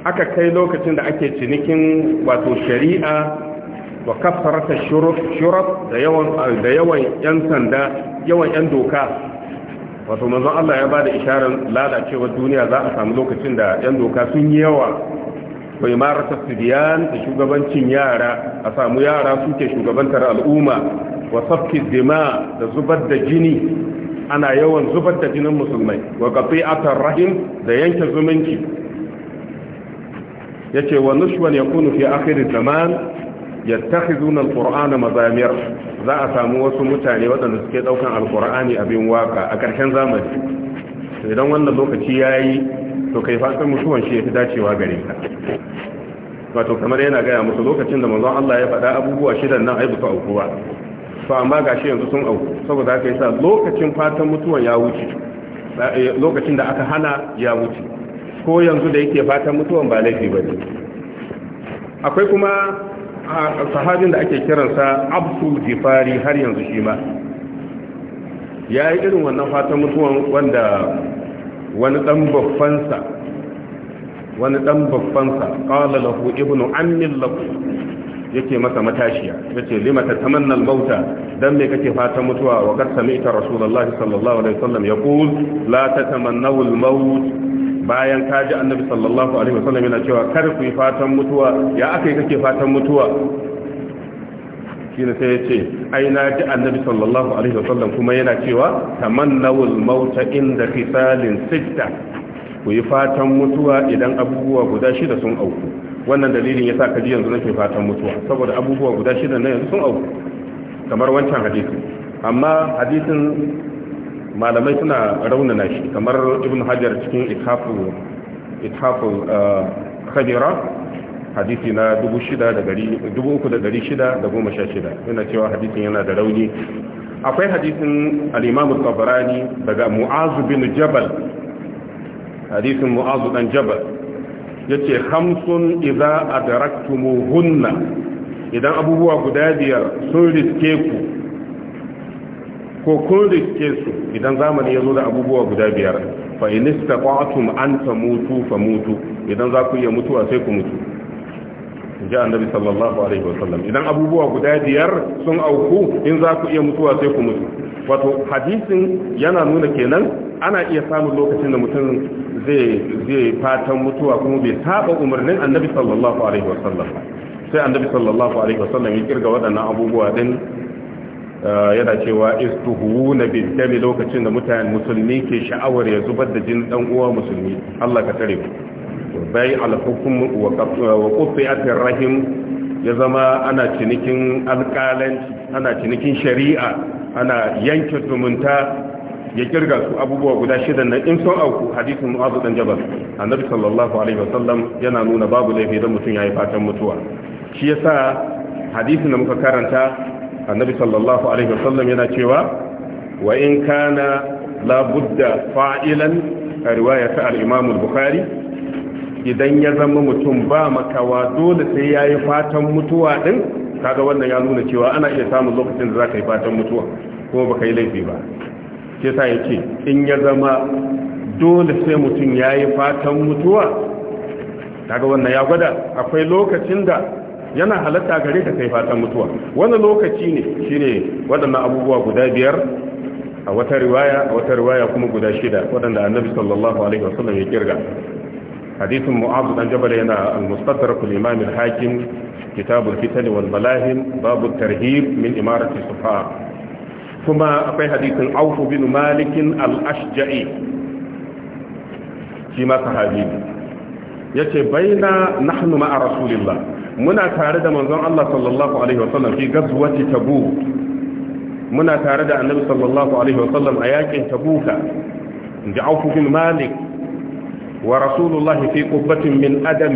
aka kai lokacin da ake cinikin wato shari'a wa kafarta shuruf da yawan yan sanda yawan yan doka wato manzon Allah ya bada isharar lalacewar duniya za a samu lokacin da yan doka sun yi yawa wa imarata sibiyan da shugabancin yara a samu yara suke shugabantar al'umma wa safki dima da zubar da jini ana yawan zubar da jinin musulmai wa atar rahim da yanke zumunci ce wa nushwan yakunu fi akhir zaman yattakhizuna alqur'ana mazamiyar za a samu wasu mutane waɗanda suke daukan alqur'ani abin waka a ƙarshen zamani idan wannan lokaci yi to kai fatan mutuwan shi fi dacewa gare ka wato kamar yana gaya musu lokacin da manzon Allah ya faɗa abubuwa shidan nan ai ba su ba to amma shi yanzu sun auku saboda haka yasa lokacin fatan mutuwan ya wuce lokacin da aka hana ya wuce ko yanzu da yake fatan mutuwan ba laifi ba ne akwai kuma sahabin da ake kiransa abdul jifari har yanzu shi ma ya yi irin wannan fatan mutuwan wanda wani dan babbansa wani dan babbansa qala lahu ibnu ammi yake masa matashiya yace lima tatamanna al-mauta dan me kake fatan mutuwa wa kad sami'ta rasulullahi sallallahu alaihi wasallam yaqul la tatamannu al-maut bayan ka ji annabi sallallahu alaihi wasallam yana cewa kar ku fatan mutuwa ya akai kake fatan mutuwa shine sai yace ai na ji annabi sallallahu alaihi wasallam kuma yana cewa tamannu al-mauta inda qisalin sitta ku yi fatan mutuwa idan abubuwa guda shida sun auku wannan dalilin ya sa kaji yanzu nake fatan mutuwa saboda abubuwa guda shida na yanzu sun auku kamar wancan hadisi amma hadisin malamai suna raunana shi kamar ibn hajar cikin ithafu ithafu uh, khadira hadisi na 3616 yana cewa hadisin yana da rauni akwai hadisin al-imam daga mu'az bin jabal hadisin Mu'azu dan jabal yace hamsun idza hunna idan abubuwa guda biyar sun riske ku ko kun riske su idan zamani ya zo da abubuwa guda biyar fa in istaqatum an tamutu famutu idan za ku iya mutuwa sai ku mutu ga annabi sallallahu alaihi wasallam idan abubuwa guda biyar sun auku in za ku iya mutuwa sai ku mutu wato hadisin yana nuna kenan ana iya samun lokacin da mutum zai zai fatan mutuwa kuma bai saba umarnin annabi sallallahu alaihi wasallam sai annabi sallallahu alaihi wasallam ya kirga waɗannan abubuwa din eh, yana cewa na bidami lokacin da mutane musulmi ke sha'awar ya zubar da jin dan uwa musulmi Allah ka tare mu bai alhukum wa qati'at rahim ya zama ana cinikin alƙalanci ana cinikin shari'a ana yanke tumunta ya kirga su abubuwa guda shida na in sun auku hadisin mu'azu dan jabal annabi sallallahu alaihi wasallam yana nuna babu laifi idan mutum yayi fatan mutuwa shi yasa hadisin da muka karanta annabi sallallahu alaihi wasallam yana cewa wa in kana la budda fa'ilan riwayat al-imam al-bukhari idan ya zama mutum ba makawa dole sai ya yi fatan mutuwa ɗin kaga wannan ya nuna cewa ana iya samun lokacin da za ka yi fatan mutuwa kuma ka yi laifi ba ke sa ya ce in ya zama dole sai mutum ya yi fatan mutuwa kaga wannan ya gwada akwai lokacin da yana halatta gare ka kai fatan mutuwa wani lokaci ne shi ne waɗannan abubuwa guda biyar a wata riwaya a wata riwaya kuma guda shida waɗanda annabi sallallahu alaihi wasallam ya kirga hadisin mu'azu dan jabal yana al-mustadrak al-imam al-hakim kitab al-fitan wal malahim babu tarhib min imarati sufa kuma akwai hadisin auf bin malik al-ashja'i shi ma sahabi yace baina nahnu ma'a rasulillah muna tare da manzon Allah sallallahu alaihi wasallam fi gazwati tabuk muna tare da annabi sallallahu alaihi wasallam a yakin tabuka inji auf bin malik wa rasulullahi fi qubbatin min adam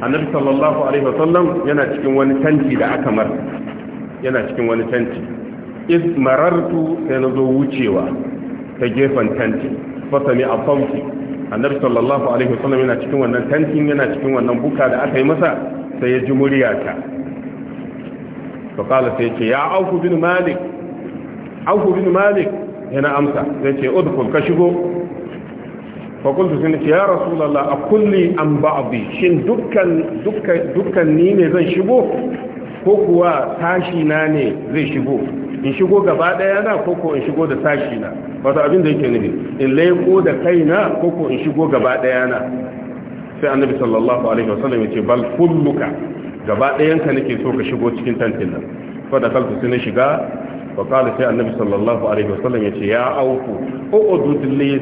annabi sallallahu alaihi wasallam yana cikin wani tanti da aka mar yana cikin wani tanti iz marartu sai na zo wucewa ta gefen tanti fa sami a sauti annabi sallallahu alaihi wasallam yana cikin wannan tantin yana cikin wannan buka da aka yi masa sai ya ji muryata to kala sai ce ya auku bin malik auku bin malik yana amsa sai ce udkhul ka shigo fakultu sun ce ya rasulallah a kulli an ba'abi shin dukkan ni ne zan shigo ko kuwa tashi ne zai shigo in shigo gaba daya ko ko in shigo da tashina na abin da yake nufi in laiko da kaina ko ko in shigo gaba daya sai annabi sallallahu alaihi wasallam ya ce bal kulluka gaba dayanka nake so ka shigo cikin tantin nan fa na shiga wa qala sai annabi sallallahu alaihi wasallam yace ya auku uqudud li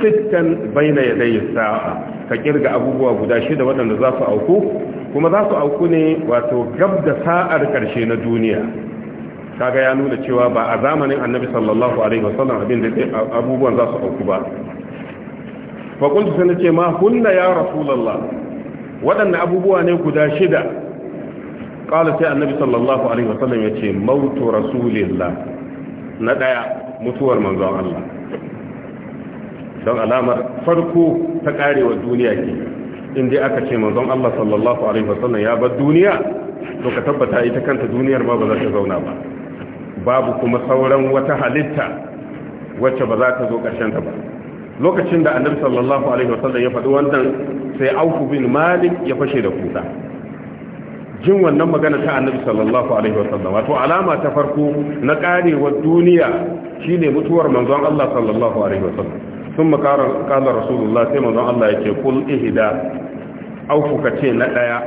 sittan bayna yaday sa'a ka kirga abubuwa guda shida waɗanda za su auku kuma za su auku ne wato gab da sa'ar karshe na duniya kaga ya nuna cewa ba a zamanin annabi sallallahu alaihi wasallam abin da abubuwan za su auku ba fa kuntu ce nace ma hunna ya rasulullah waɗanne abubuwa ne guda shida qala sai annabi sallallahu alaihi wasallam ya ce mautu rasulillah na daya mutuwar manzon Allah don alamar farko ta karewa duniya ke in dai aka ce manzon Allah sallallahu alaihi wasallam ya bar duniya to ka tabbata ita kanta duniyar ba ba za ta zauna ba babu kuma sauran wata halitta wacce ba za ta zo karshen ta ba lokacin da annabi sallallahu alaihi wasallam ya faɗi wannan sai auku bin malik ya fashe da kuta jin wannan magana ta annabi sallallahu alaihi wasallam wato alama ta farko na karewar duniya shine mutuwar manzon Allah sallallahu alaihi wasallam sun makara kala rasulullah sai manzon Allah yake kul ihda au ka ce na daya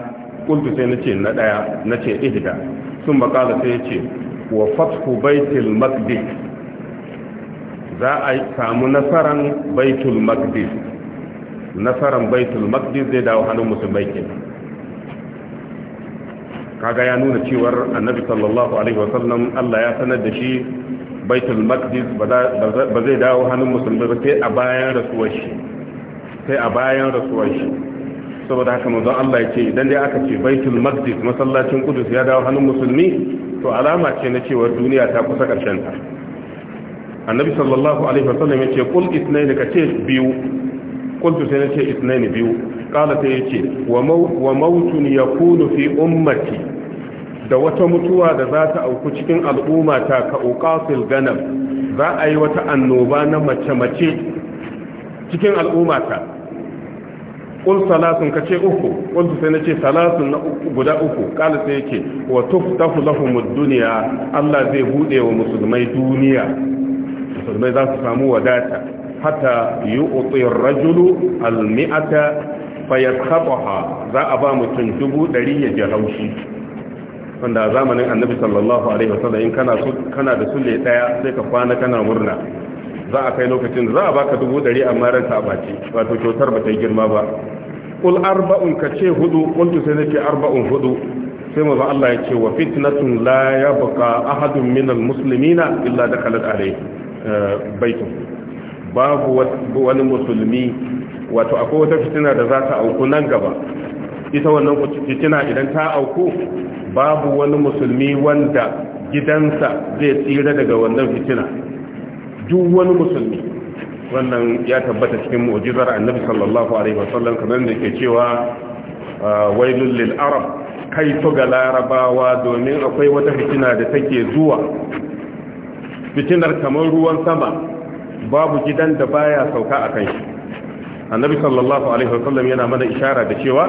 kultu sai nace na daya nace ihda sun makala sai yace wa fathu baitul maqdis za a samu nasaran baitul maqdis nasaran baitul maqdis zai dawo hannun musulmai kenan kaga ya nuna cewar annabi sallallahu alaihi wasallam Allah ya sanar da shi baitul maqdis ba zai dawo hannun musulmi ba sai a bayan rasuwar shi sai a bayan rasuwar shi saboda haka manzon Allah ya ce idan dai aka ce baitul maqdis masallacin qudus ya dawo hannun musulmi to alama ce na cewa duniya ta kusa karshen ta annabi sallallahu alaihi wasallam ya ce kul isnaini ka ce biyu qultu sai na ce isnaini biyu qala sai ya ce wa mawtun yakunu da wata mutuwa da za ta auku cikin al'umma ta ka uqasil ganam za a yi wata annoba na mace-mace cikin al'umma ta qul salasun kace uku qul sai nace salasun na uku guda uku kala sai yake wa tuftahu lahum ad-dunya Allah zai bude wa musulmai duniya musulmai za su samu wadata hatta yu'ti ar-rajulu al-mi'ata fayashabaha za a ba mutum dubu ɗari ya ji haushi wanda a zamanin annabi sallallahu alaihi wasallam in kana kana da sulle daya sai ka kwana kana murna za a kai lokacin za a baka dubu dari amma ranka a baci wato kyautar ba ta girma ba kul arba'un ka ce hudu kuntu sai nake arba'un hudu sai mu Allah ya ce wa fitnatun la yabqa ahadun min almuslimina illa dakhalat alayhi eh, baitun babu wani musulmi wato akwai wata fitina da za ta auku nan gaba ita wannan fitina idan ta auku babu wani musulmi wanda gidansa zai tsira daga wannan fitina duk wani musulmi wannan ya tabbata cikin mu'jizar annabi sallallahu alaihi wasallam kamar da ke cewa ah, wailul lil arab kai ga larabawa domin akwai wata fitina da take zuwa fitinar kamar ruwan sama babu gidan da baya sauka a kai annabi sallallahu alaihi wasallam yana mana ishara da cewa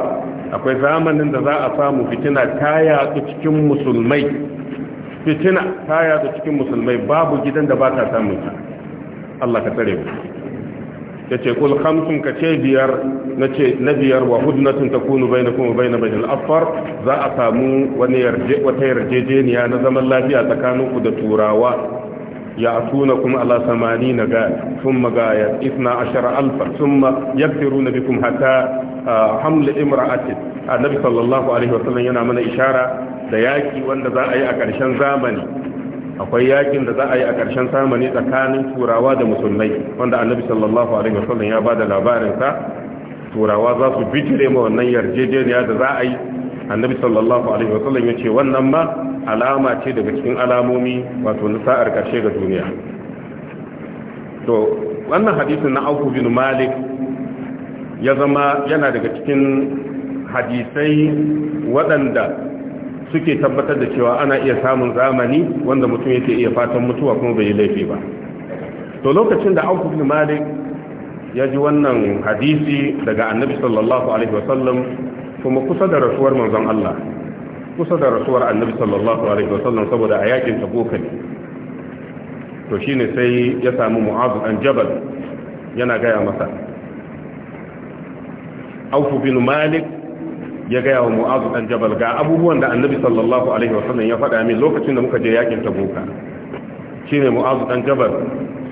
akwai zamanin da za a samu fitina ta yatsu cikin musulmai fitina ta yatsu cikin musulmai babu gidan da ba ta samun ta Allah ka tsare mu yace kul khamsun ka ce biyar na biyar wa hudnatun takunu kuma bai na baytil afar za a samu wata yarjejeniya na zaman lafiya tsakaninku da turawa ya atuna kuma ala na ga sun magaya isna ashirar alfa sun ma yaktiru na bikin hata hamle imra atis annabi yana mana ishara da yaki wanda za a yi a ƙarshen zamani akwai yakin da za a yi a ƙarshen zamani tsakanin turawa da musulmai wanda annabi sallallahu ya ba da labarinsa turawa za su bitire ma wannan yarjejeniya da za a yi annabi sallallahu alaihi wasallam ya ce wannan ma alama ce daga cikin alamomi wato na sa'ar karshe ga duniya to wannan hadisin na Auf bin Malik ya zama yana daga cikin hadisai waɗanda suke tabbatar da cewa ana iya samun zamani wanda mutum yake iya fatan mutuwa kuma bai yi laifi ba to lokacin da Auf bin Malik ya ji wannan hadisi daga annabi sallallahu alaihi wasallam kuma kusa da rasuwar manzon Allah kusa da rasuwar annabi sallallahu alaihi wasallam saboda a yakin tabuka ne to shine sai ya samu mu'azu an jabal yana gaya masa aufu bin malik ya gaya wa mu'azu an jabal ga abubuwan da annabi sallallahu alaihi wasallam ya faɗa min lokacin da muka je yakin tabuka shine mu'azu an jabal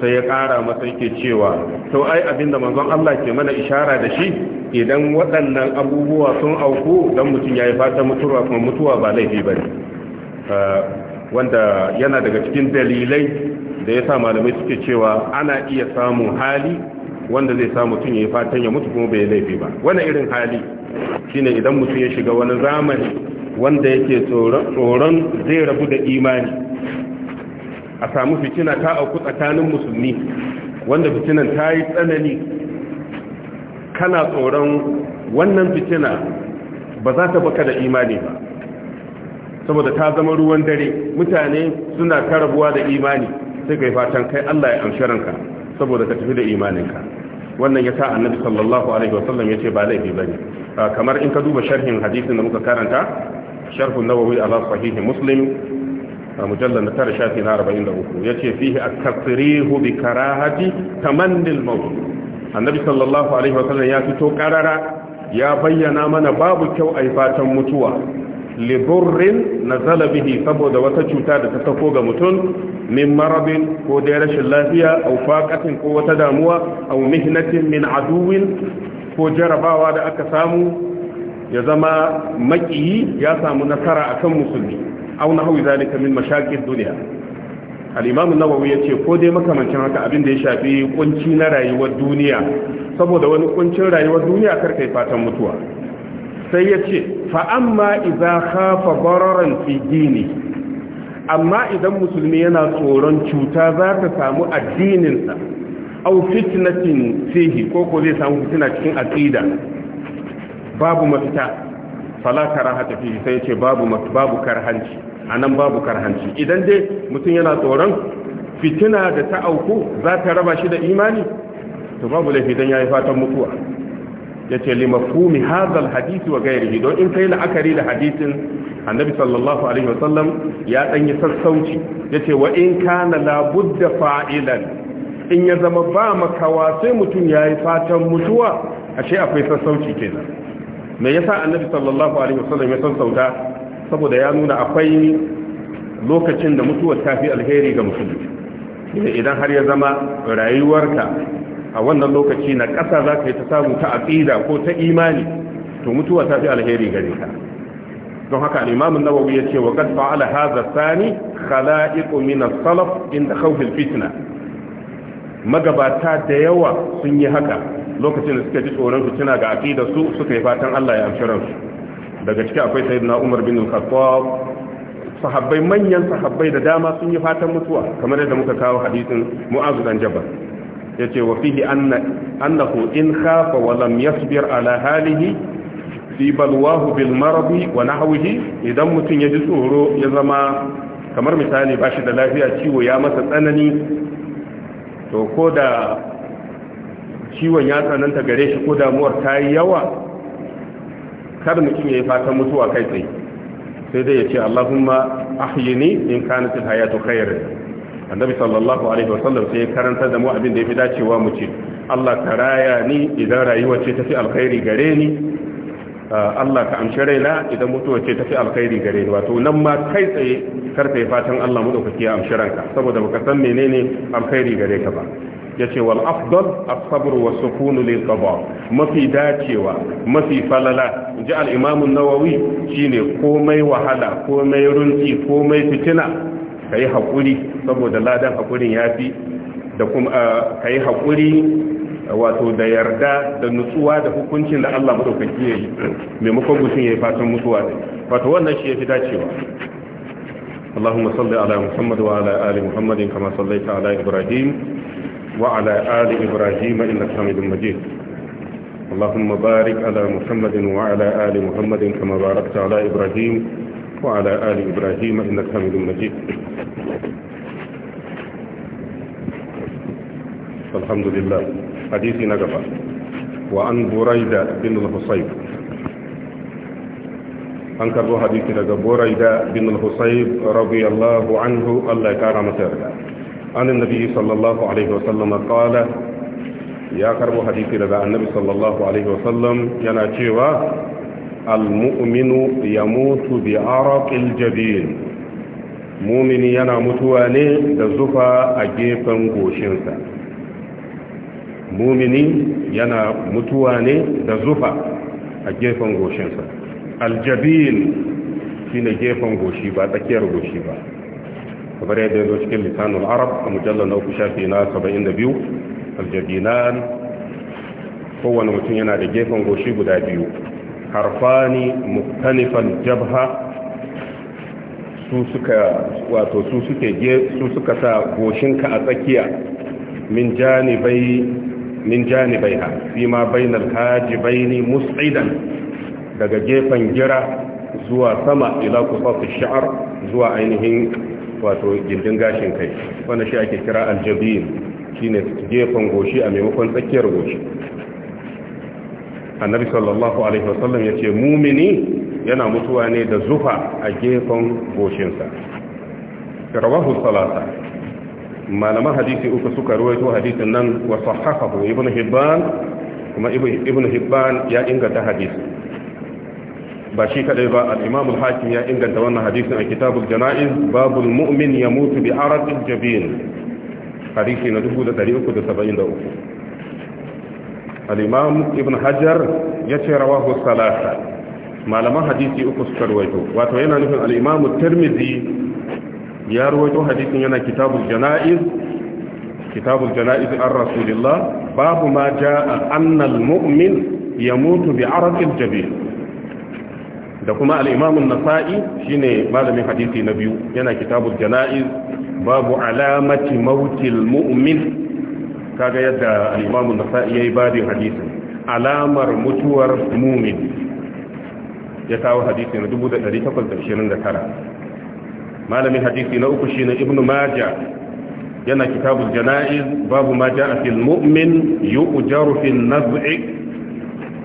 sai ya ƙara masa yake cewa to ai abinda manzon Allah ke mana ishara da shi idan waɗannan abubuwa sun auku dan mutum yayi yi fata mutuwa kuma mutuwa ba laifi ba ah, wanda yana daga cikin dalilai da yasa malamai suke cewa ana iya samu hali wanda zai sa mutum ya fatan ya mutu kuma bai laifi ba wani irin hali shine idan mutum ya shiga wani zamani wanda yake tsoron zai rabu da imani a samu fitina ta auku tsakanin musulmi wanda fitinan ta yi tsanani kana tsoron wannan fitina ba za ta baka da imani ba saboda ta zama ruwan dare mutane suna karabuwa da imani sai yi fatan kai Allah ya amshi ranka saboda ka tafi da imaninka wannan ya sa annabi sallallahu alaihi wasallam ce ba laifi bane kamar in ka duba sharhin hadisin da muka karanta sharhun nawawi ala sahih muslim a mujallar na tara shafi na arba'in da uku ya ce fihi a tasirihu bi karahati tamannil mawut annabi sallallahu alaihi wasallam ya fito karara ya bayyana mana babu kyau a yi fatan mutuwa liburrin na zalabihi saboda wata cuta da ta sako ga mutum min marabin ko da rashin lafiya au faƙatin ko wata damuwa au mihnatin min aduwin ko jarabawa da aka samu ya zama maƙiyi ya samu nasara akan musulmi aw nahwi zalika min mashaqid dunya al-imam an-nawawi yace ko dai makamancin haka abin da ya shafi kunci na rayuwar duniya saboda wani kuncin rayuwar duniya kar kai fatan mutuwa sai yace fa amma idza khafa dararan fi dini amma idan musulmi yana tsoron cuta za ta samu addininsa au fitnatin fihi ko ko zai samu fitina cikin aqida babu mafita fala karahata fi sai yace babu babu karhanci anan babu karhanci idan dai mutum yana tsoron fitina da ta auku za ta raba shi da imani to babu laifi dan yayi fatan mutuwa yace li mafhumi hadal hadisi wa ghayrihi don in kai la'akari da hadisin annabi sallallahu alaihi wasallam ya dan yi sassauci yace wa in kana la budda fa'ilan in ya zama ba makawa sai mutum yayi fatan mutuwa ashe akwai sassauci kenan me yasa annabi sallallahu alaihi wasallam ya san sauta saboda ya nuna akwai lokacin da mutuwar ta fi alheri ga musulmi idan har ya zama rayuwarka a wannan lokaci na ƙasa za ka yi ta samu ta aƙida ko ta imani to mutuwa ta fi alheri gare ka don haka al'imamun nawawi ya ce wa qad fa'ala hadha sani khala'iqu min as-salaf inda khawf al-fitna magabata da yawa sun yi haka lokacin da suka ji tsoron su tuna ga aqida su suka yi fatan Allah ya amshi ransu daga ciki akwai sayyidina Umar bin Al-Khattab sahabbai manyan sahabbai da dama sun yi fatan mutuwa kamar yadda muka kawo hadisin Mu'az dan Jabal yace wa fihi anna annahu in khafa wa lam yasbir ala halihi fi balwahu bil maradi wa nahwihi idan mutun ya ji tsoro ya zama kamar misali bashi da lafiya ciwo ya masa tsanani to ko da ciwon ya tsananta gare shi ko damuwar ta yi yawa kar mutum ya yi fatan mutuwa kai tsaye sai dai ya ce Allahumma ahyini in kanat alhayatu khairan annabi sallallahu alaihi sallam sai ya karanta da mu abin da yafi dacewa mu ce Allah ka raya ni idan rayuwa ce tafi alkhairi gare ni ah, Allah ka amshi raina idan mutuwa ce fi alkhairi gare ni wato nan ma kai tsaye yi fatan Allah mu dauki ya amshi ranka saboda baka san menene alkhairi gare ka ba yace wal afdal as-sabr wa sukun lil qada mafi dacewa mafi falala inji al-imam an-nawawi shine komai wahala komai runci komai fitina kai hakuri saboda ladan hakurin yafi da kuma ah, kai hakuri ah, wato da yarda da nutsuwa da hukuncin da Allah madaukaki yayi maimakon mutum yayi fatan mutuwa ne wato wannan shi yafi dacewa اللهم صل على محمد وعلى آل محمد كما صليت على إبراهيم وعلى آل إبراهيم إنك حميد مجيد اللهم بارك على محمد وعلى آل محمد كما باركت على إبراهيم وعلى آل إبراهيم إنك حميد مجيد الحمد لله حديثي نقفة وعن بريدة بن الحصيب أنكروا حديث hadisi بريدة بن الحصيب رضي الله عنه الله كرمته عن النبي صلى الله عليه وسلم قال يا كربو حديثي لدى النبي صلى الله عليه وسلم يناتيوا المؤمن يموت بعرق الجبين مؤمن yana mutuwa ne da zufa a gefen goshinsa mumini yana mutuwa ne da zufa a gefen goshinsa aljabil shine gefen goshi ba tsakiyar goshi ba kamar yadda ya cikin lisanul arab a mujallar na uku shafi na saba'in da biyu aljabinan kowane mutum yana da gefen goshi guda biyu harfani muktanifan jabha su suka wato su suke su suka sa goshinka a tsakiya min janibai min janibaiha fi ma bainal hajibaini mus'idan daga gefen gira zuwa sama ila su shi'ar zuwa ainihin wato gindin gashin kai wanda shi ake kira aljabin shine gefen goshi a maimakon tsakiyar goshi annabi sallallahu alaihi wasallam ya ce mumini yana mutuwa ne da zufa a gefen goshinsa rawahu salasa malaman hadisi uku suka ruwaito hadisin nan wa sahahahu ibn hibban kuma ibn hibban ya inganta hadisi ba shi kadai ba al-imam al-hakim ya inganta wannan hadisin a kitab al janaiz babu al mu'min yamutu bi al jabin hadisi na al-imam ibn hajar ya ce rawahu salasa malaman hadisi uku suka ruwaito wato yana nufin al-imam al'imam tirmidhi ya ruwaito hadisin yana kitab al jana'iz kitab al jana'iz ar rasulillah babu ma ja'a anna al mu'min yamutu bi bi al-jabin da kuma al'imamun nasa'i ne malamin hadisi na biyu yana kitabun jana'iz babu alamati mautil mu'min kaga yadda al'imamun nasa'i ya yi badin hadisi alamar mutuwar mumin ya kawo hadisi na 1829 malamin hadisi na uku shi ne ibn maja yana kitabun jana'iz babu maja a fil mu'min yi ujaru fil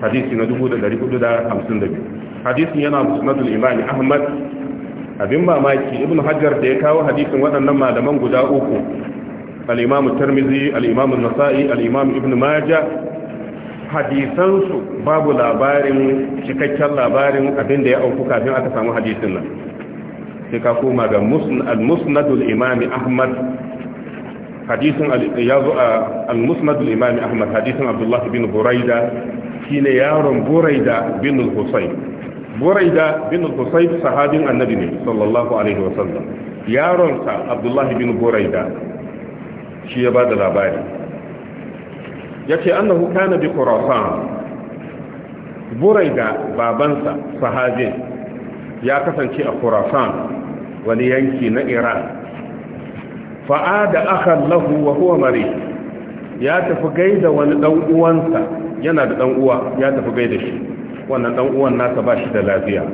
hadisi na 1452 hadisin yana musnadul imam ahmad abin mamaki ibn hajar da ya kawo hadisin waɗannan malaman guda uku al-imam tirmidhi al-imam an-nasa'i al-imam ibn majah hadisansu babu labarin cikakken labarin abin da ya auku kafin aka samu hadisin nan sai ka koma ga musnadul imam ahmad hadisin ya a al-musnadul imam ahmad hadisin abdullahi bin buraida shine yaron buraida bin al-husayn buraida bin qusayb sahabin annabi ne sallallahu alaihi wasallam yaronsa abdullahi bin buraida shi ya bada labari yace annahu kana bi khurasan buraida babansa sahabin ya kasance a qurasan wani yanki na iran fa'ada akhan lahu wa huwa mari ya tafi gaida wani dan uwansa yana da dan uwa ya tafi gaida shi wannan dan uwan nasa ba shi da lafiya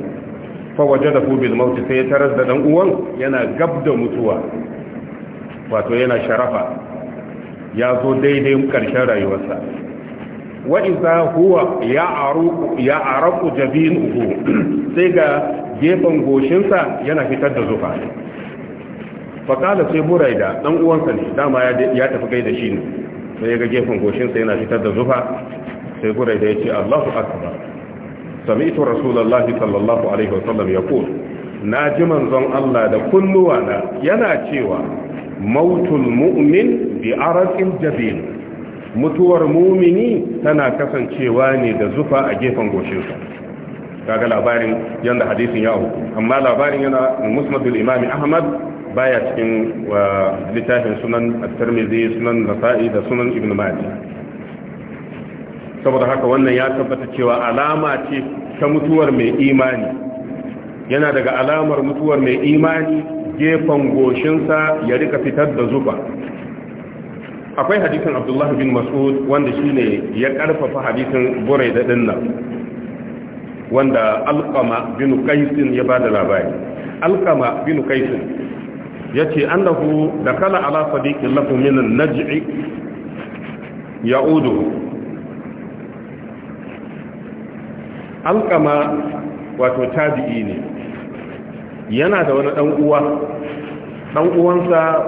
fa wajadahu bil maut sai ya taras da dan uwan yana gab da mutuwa wato yana sharafa ya zo daidai karshen rayuwarsa wa idza huwa ya'aru ya'arqu jabinuhu sai ga gefen goshinsa yana fitar da zufa kala sai buraida dan uwansa ne dama ya tafi kai da shi ne sai ga gefen goshinsa yana fitar da zufa sai buraida ya ce allahu akbar sami'tu rasulullahi sallallahu alaihi wasallam yaqul na ji manzon Allah da kunnuwana yana cewa mautul mu'min bi araqin mutuwar mumini tana kasancewa ne da zufa a gefen goshinsa kaga labarin yanda hadisin ya auku amma labarin yana musnadul imami ahmad baya cikin littafin sunan at sunan nasa'i da sunan ibn majah saboda haka wannan ya tabbata cewa alama ce ta mutuwar mai imani yana daga alamar mutuwar mai imani gefen goshinsa ya rika fitar da zuba akwai hadisin abdullahi bin mas'ud wanda shine ya karfafa hadisin burai da nan wanda alƙama bin Kaisin ya ba da labari Alƙama bin Kaisin ya ce, An da yace da kala ala sadiqin lafi min naji'i Ya udu. alkama wato tabi'i ne yana da wani dan uwa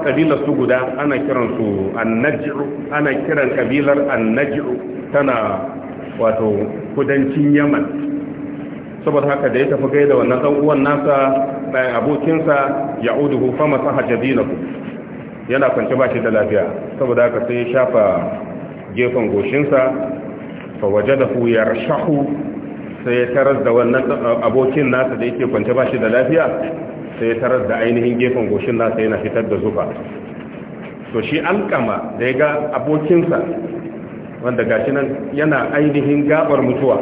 dan su guda ana kiran su annajru ana kiran kabilar annajru tana wato kudancin yaman saboda haka da ya tafi gaida wannan dan uwan nasa ɗaya abokinsa ya'uduhu fa masaha ku. yana kwance ba shi da lafiya saboda haka sai ya shafa gefen goshinsa fa wajadahu shahu. sai ya taras da wannan uh, abokin nasa da yake kwance ba shi da lafiya sai ya taras da ainihin gefen goshin nasa yana fitar da zufa to shi alkama da ya ga abokinsa wanda gashi nan yana ainihin gabar mutuwa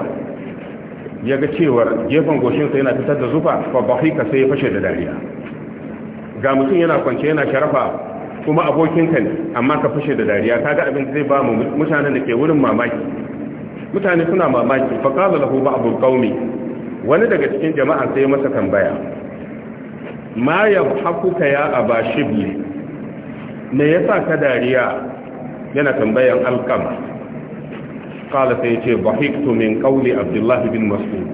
ya ga cewar gefen goshinsa yana fitar da zufa fa bahika sai ya fashe da dariya ga mutum yana kwance yana sharafa kuma abokinka ne amma ka fashe da dariya kaga abin zai ba mu mutanen da ke wurin mamaki mutane suna mamaki fa qala lahu ba'dul qaumi wani daga cikin jama'a sai masa tambaya ma yabhakuka ya aba shibli me sa ka dariya yana tambayan alqama qala sai ce bahiktu min qawli bin mas'ud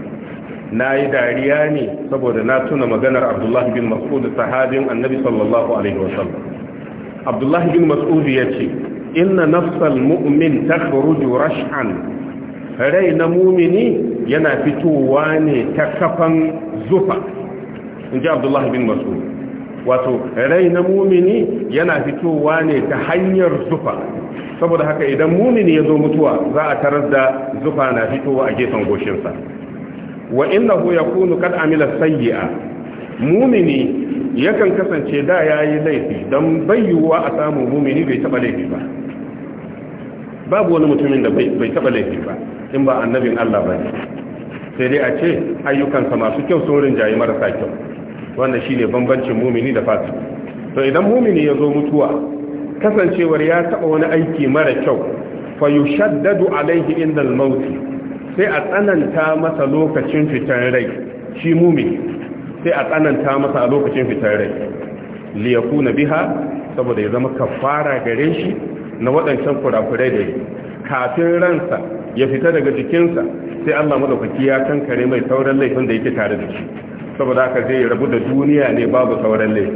yi dariya ne saboda na tuna maganar Abdullahi bin mas'ud sahabin annabi sallallahu alaihi wasallam Abdullahi bin mas'ud yace inna nafsal mu'min takhruju rash'an rai na mumini yana fitowa ne ta kafan zufa in ji abdullahi bin masu wato rai na mumini yana fitowa ne ta hanyar zufa saboda haka idan mumini ya zo mutuwa za a tarar da zufa na fitowa a gefen goshinsa wa ya kunu kad amila sayyi'a mumini yakan kasance da ya yi laifi don bayyuwa a samu mumini bai taba laifi ba babu wani mutumin da bai taba laifi ba in ba annabin Allah ba ne sai dai a ce ayyukansa masu kyau sun rinjaye marasa kyau wannan shine bambancin mumini da fasi to idan mumini ya zo mutuwa kasancewar ya taɓa wani aiki mara kyau fa yushaddadu alaihi inda al-maut sai a tsananta masa lokacin fitar rai shi mumini sai a tsananta masa a lokacin fitar rai na biha saboda ya zama kafara gare shi na waɗancan kurakurai da kafin ransa ya fita daga jikinsa sai Allah madaukaki ya kankare mai sauran laifin da yake tare da shi saboda haka zai rabu da duniya ne babu sauran laifi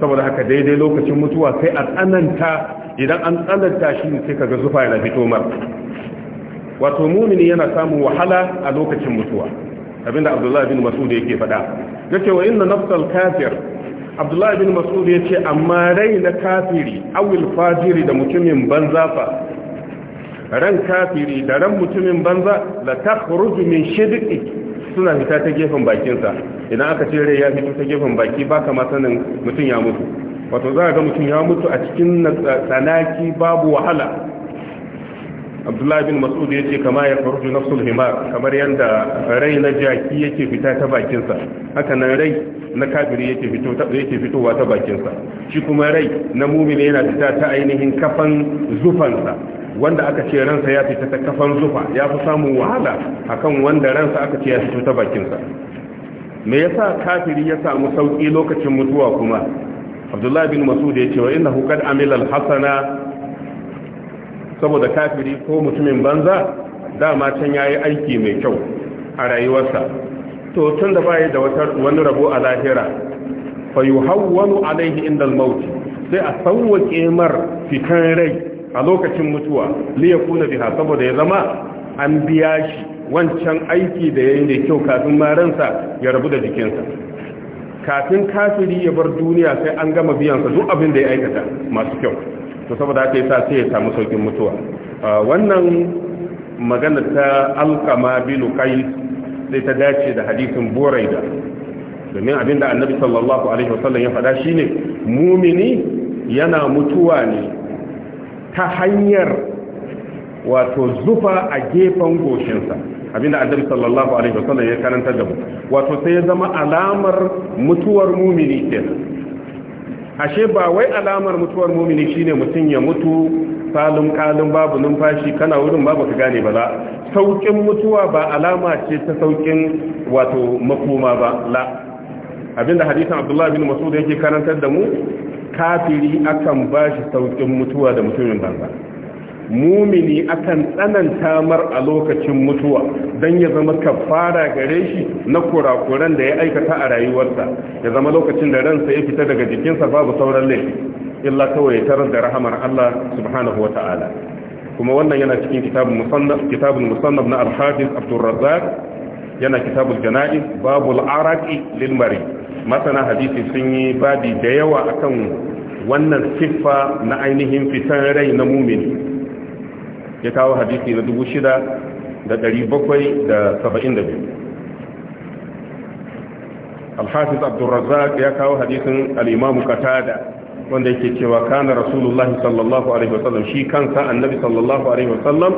saboda haka daidai lokacin mutuwa sai a tsananta idan an tsananta shi sai kaga zufa yana fito mar wato mumini yana samun wahala a lokacin mutuwa abinda Abdullahi bin Mas'ud yake faɗa yace wa inna nafsal kafir Abdullahi bin Mas'ud yace amma rai na kafiri awil fajiri da mutumin banzafa ran kafiri da ran mutumin banza la takhruju min shidqi suna fita ta gefen bakinsa idan aka ce rai ya fito ta gefen baki ba ma sanin mutum ya mutu wato za ga mutum ya mutu a cikin tsanaki babu wahala abdullahi bin mas'ud yace kama ya faruju nafsul himar kamar yanda rai na jaki yake fita ta bakinsa haka nan rai na kafiri yake fito ta yake fitowa ta bakinsa shi kuma rai na mu'mini yana fita ta ainihin kafan zufansa wanda aka ce ransa ya fita ta kafan zufa ya fi samun wahala akan wanda ransa aka ce ya fito ta bakinsa me yasa kafiri ya samu sauki lokacin mutuwa kuma abdullahi bin masud ya ce wa hukar amilal hassana saboda kafiri ko mutumin banza dama can yayi aiki mai kyau a rayuwarsa to tun da baya da wani rabo a lahira fa yuhawwanu alaihi inda al sai a sauwaƙe mar fitan rai a lokacin mutuwa liya kuna biha saboda ya zama an biya shi wancan aiki da yayi da kyau kafin ma ransa ya rabu da jikinsa kafin kafiri ya bar duniya sai an gama biyan sa duk abin da ya aikata masu kyau to saboda haka yasa sai ya samu saukin mutuwa wannan magana ta alqama bin qais sai ta dace da hadisin buraida domin abinda annabi sallallahu alaihi wasallam ya faɗa shine mumini yana mutuwa ne ta hanyar wato zufa a gefen goshinsa abinda annabi sallallahu alaihi wasallam ya karanta da mu wato sai ya zama alamar mutuwar mumini kenan ashe ba wai alamar mutuwar mumini shine mutum ya mutu Salim, kalin babu numfashi kana wurin babu ka gane ba saukin mutuwa ba alama ce ta saukin wato makoma ba la abinda hadisin abdullahi bin masud yake karantar da mu kafiri akan ba shi saukin mutuwa da mutumin banza mumini akan tsananta mar a lokacin mutuwa don ya zama kafara gare shi na kurakuran da ya aikata a rayuwarsa ya zama lokacin da ransa ya fita daga jikinsa babu sauran laifi illa kawai ya tarar da rahamar Allah subhanahu wa ta'ala kuma wannan yana cikin kitabun musannaf na al-hafiz yana kitabun janaiz babul araqi lil masana hadisi sun yi babi da yawa akan wannan siffa na ainihin fitan rai na mumin ya kawo hadisi na 6,772 alhafiz abdulrazak ya kawo hadisin al'imamu katada wanda yake cewa kana rasulullahi sallallahu alaihi wasallam shi kansa annabi sallallahu alaihi wasallam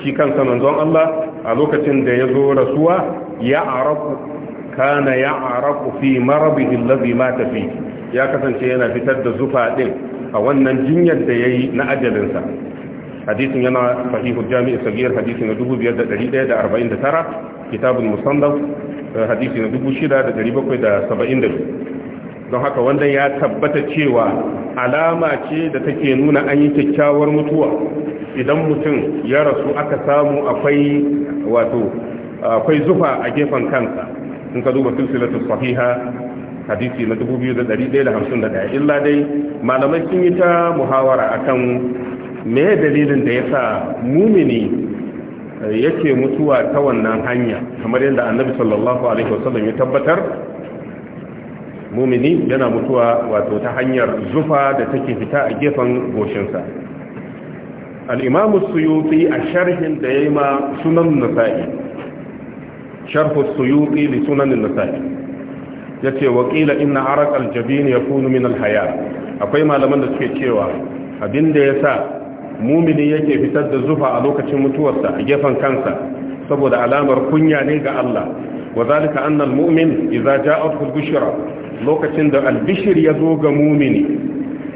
shi kansa manzon Allah a lokacin da ya zo rasuwa ya arabu kana ya'raku fi maradihi alladhi mata fi ya kasance yana fitar da zufa din a wannan jinyar da ya yi na ajalinsa sa hadisin yana sahihul jami' sagir hadisi na 2149 kitabun musamman hadisi na 6772 don haka wanda ya tabbata cewa alama ce da take nuna an yi kyakkyawar mutuwa idan mutum ya rasu aka samu akwai wato akwai zufa a gefen kansa in ka duba silsilatu sahiha hadisi na 2151 illa dai malamai sun yi ta muhawara akan me dalilin da yasa mumini eh, yake mutuwa ta wannan hanya kamar yadda annabi sallallahu alaihi wasallam ya tabbatar mumini yana mutuwa wato ta hanyar zufa da take fita a gefen goshinsa al-imam suyuti a sharhin da yayi ma sunan nasa'i sharhu suyuti li sunan an yace wa ƙila inna araq al ya yakunu min al-haya akwai malaman da suke cewa abinda ya sa mumini yake fitar da zufa a lokacin mutuwarsa a gefen kansa saboda alamar kunya ne ga Allah wa zalika anna al-mu'min idza ja'athu al lokacin da al ya zo ga mumini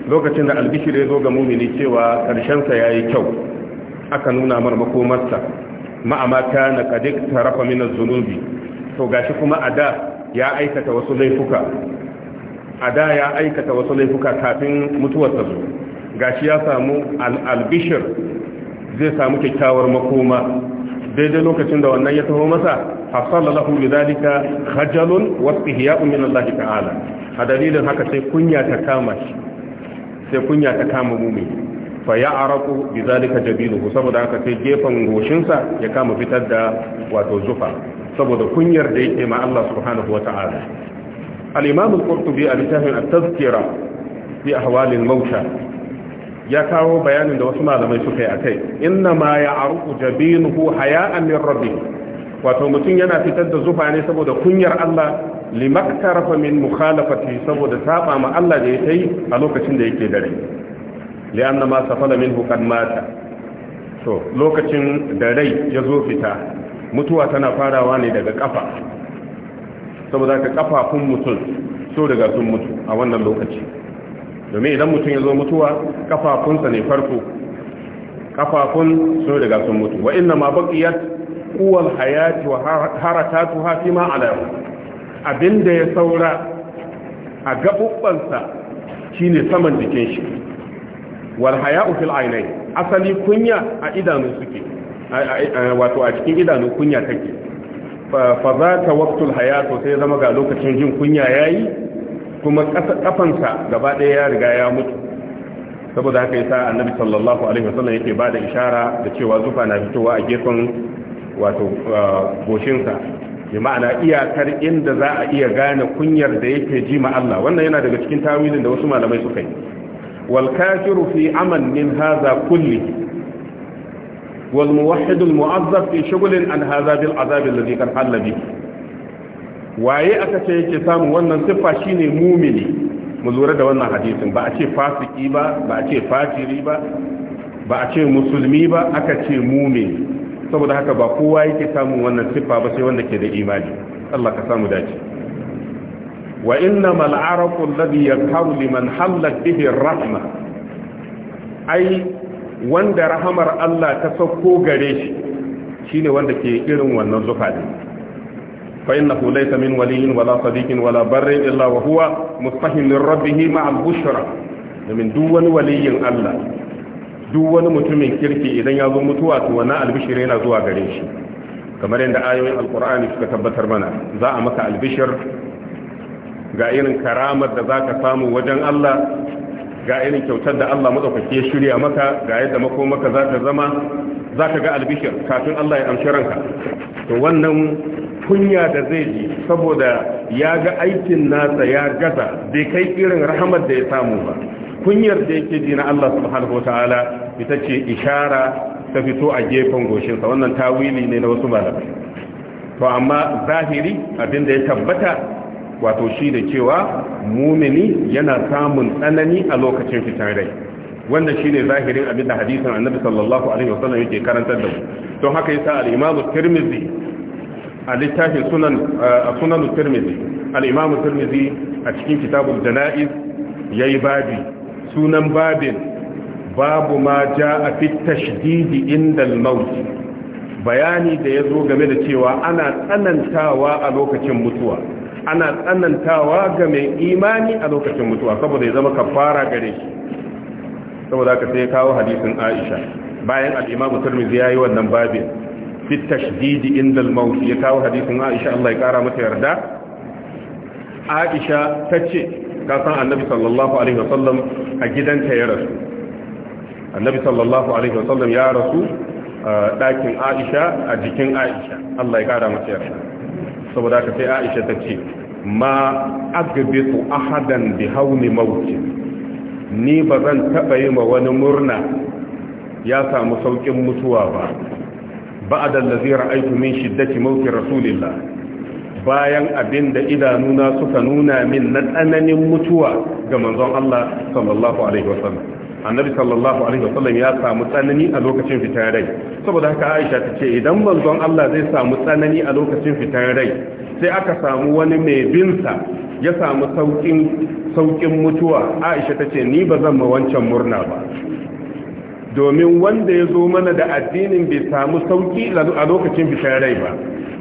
lokacin da albishir ya zo ga mumini cewa karshen sa yayi kyau aka nuna mar makomarsa ma'ama na kadik tarafa mina zunubi to gashi kuma ada ya aikata wasu laifuka ada ya aikata wasu laifuka kafin mutuwar su gashi ya samu al-albishir zai samu kyakkyawar makoma daidai lokacin da wannan ya taho masa hasala lahu lidhalika khajalun wa istihya'un min Allah ta'ala a dalilin haka sai kunya ta kama shi sai kunya ta kama mumini fa ya araku bi zalika jabinuhu saboda haka sai gefen goshinsa ya kama fitar da wato zufa saboda kunyar da yake ma Allah subhanahu wata'ala al-imam al-qurtubi a littafin at-tazkira fi ahwal al-mauta ya kawo bayanin da wasu malamai suka yi akai inna ma ya araku jabinuhu haya'an min rabbih wato mutum yana fitar da zufa ne saboda kunyar Allah limaktarafa min mukhalafati saboda saba ma Allah da ya yi a lokacin da yake dare li'anna ma safala minhu qad mata to lokacin da rai ya zo fita mutuwa tana farawa ne daga kafa saboda ka kafafun mutum so daga sun mutu a wannan lokaci domin idan mutum ya zo mutuwa kafafunsa ne farko kafafun so daga sun mutu wa inna ma baqiyat quwwal hayati wa harakatuha fi ma ala abinda ya saura a sa shine saman jikin shi Walhaya haya'u fil asali kunya a idanu suke wato a cikin idanu kunya take fa za ta waqtul haya to sai zama ga lokacin jin kunya yayi kuma kafansa gaba ɗaya ya riga ya mutu saboda haka sa annabi sallallahu alaihi wasallam yake bada ishara da cewa zufa na fitowa a gefen wato goshinsa bi ma'ana iyakar inda za a iya gane kunyar da yake ji ma Allah wannan yana daga cikin tawilin da wasu malamai suka yi wal kafiru fi aman min hadha kulli wal muwahhid al mu'azzab fi shughlin an hadha bil azab waye aka ce yake samu wannan siffa shine mumini mu lura da wannan hadisin ba a ce fasiki ba ba a ce fajiri ba ba a ce musulmi ba aka ce mumini saboda haka ba kowa yake samun wannan siffa ba sai wanda ke da imani Allah ka samu dace wa inna mal araqu alladhi yakharu liman hallat bihi rahma ai wanda rahamar Allah ta sauko gare shi shine wanda ke irin wannan zufa din fa innahu laysa min waliyyin wala sadiqin wala barrin illa wa huwa mustahil lirabbih ma'a al domin duk wani waliyin Allah duk wani mutumin kirki idan ya zo mutuwa to wannan albishir yana zuwa gare shi kamar yadda ayoyin alkur'ani suka tabbatar mana za a maka albishir ga irin karamar da za ka samu wajen Allah ga irin kyautar da Allah madaukake ya shirya maka ga yadda makomaka za ta zama za ka ga albishir kafin Allah ya amshi ranka to wannan kunya da zai ji saboda ya ga aikin nasa ya gaza bai kai irin rahamar da ya samu ba kunyar da yake ji na Allah subhanahu wataala ita ce ishara ta fito a gefen goshinsa wannan tawili ne na wasu malamai to amma zahiri abin da ya tabbata wato shi da cewa mumini yana samun tsanani a lokacin fitan rai wanda shine zahirin abin da hadisin annabi sallallahu alaihi wasallam yake karantar da mu don haka yasa al-imam tirmidhi a littafin sunan a sunan tirmidhi al-imam tirmidhi a cikin kitabul janaiz yayi babi sunan babin babu ma jaa fi tashdidi inda al-maut bayani da yazo game da cewa ana tsanantawa a lokacin mutuwa ana tsanantawa ga mai imani a lokacin mutuwa saboda ya zama kafara gare shi saboda aka sai kawo hadisin Aisha bayan al-Imam Tirmidhi yayi wannan babin fi tashdidi indal al-maut ya kawo hadisin Aisha Allah ya kara mata yarda Aisha tace ka san Annabi sallallahu alaihi wasallam a gidanta ya rasu Annabi sallallahu alaihi wasallam ya rasu ɗakin Aisha a jikin Aisha Allah ya kara mata yarda saboda ka sai aisha ta ce ma agabitu ahadan bi hauni mauti ni ba zan taɓa yi ma wani murna ya samu sauƙin mutuwa ba ba'da allazi ra'aytu min shiddati mauki rasulillah bayan abin da idanuna suka nuna min na tsananin mutuwa ga manzon Allah sallallahu alaihi wasallam annabi sallallahu alaihi wasallam ya samu tsanani a lokacin fitar rai saboda haka aisha ta ce idan manzon Allah zai samu tsanani a lokacin fitar rai sai aka samu wani mai binsa ya samu saukin saukin mutuwa aisha ta ce ni ba zan ma wancan murna ba domin wanda ya zo mana da addinin bai samu sauki a lokacin fitar rai ba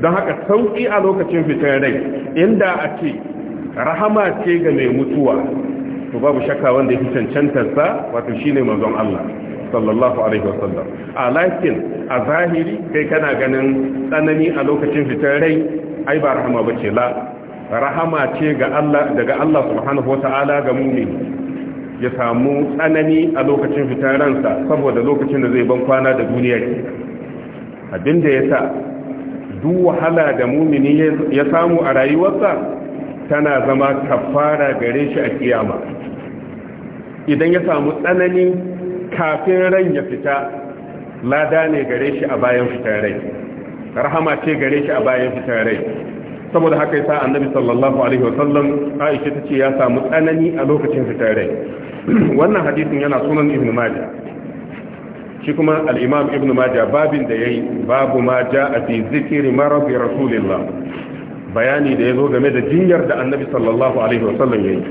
don haka sauki a lokacin fitar rai inda a ce rahama ce ga mai mutuwa to babu shakka wanda yake cancantar sa wato shine manzon Allah sallallahu alaihi wasallam a lakin a zahiri kai kana ganin tsanani a lokacin fitar rai ai ba rahama bace la rahama ce ga Allah daga Allah subhanahu wataala ga mu'min ya samu tsanani a lokacin fitar ransa saboda lokacin da zai ban kwana da duniya abinda yasa duk wahala da mumini ya samu a rayuwarsa tana zama kafara gare shi a kiyama idan ya samu tsanani kafin ran ya fita lada ne gare shi a bayan fitar rai rahama ce gare shi a bayan fitar rai saboda haka yasa annabi sallallahu alaihi wasallam Aisha tace ya samu tsanani a lokacin fitar rai *clears throat* wannan hadisin yana sunan Ibn Majah shi kuma al-Imam Ibn Majah babin da yayi babu ma jaa fi zikri marad rasulillah bayani da ya zo game da jinyar da annabi sallallahu alaihi wasallam ya yi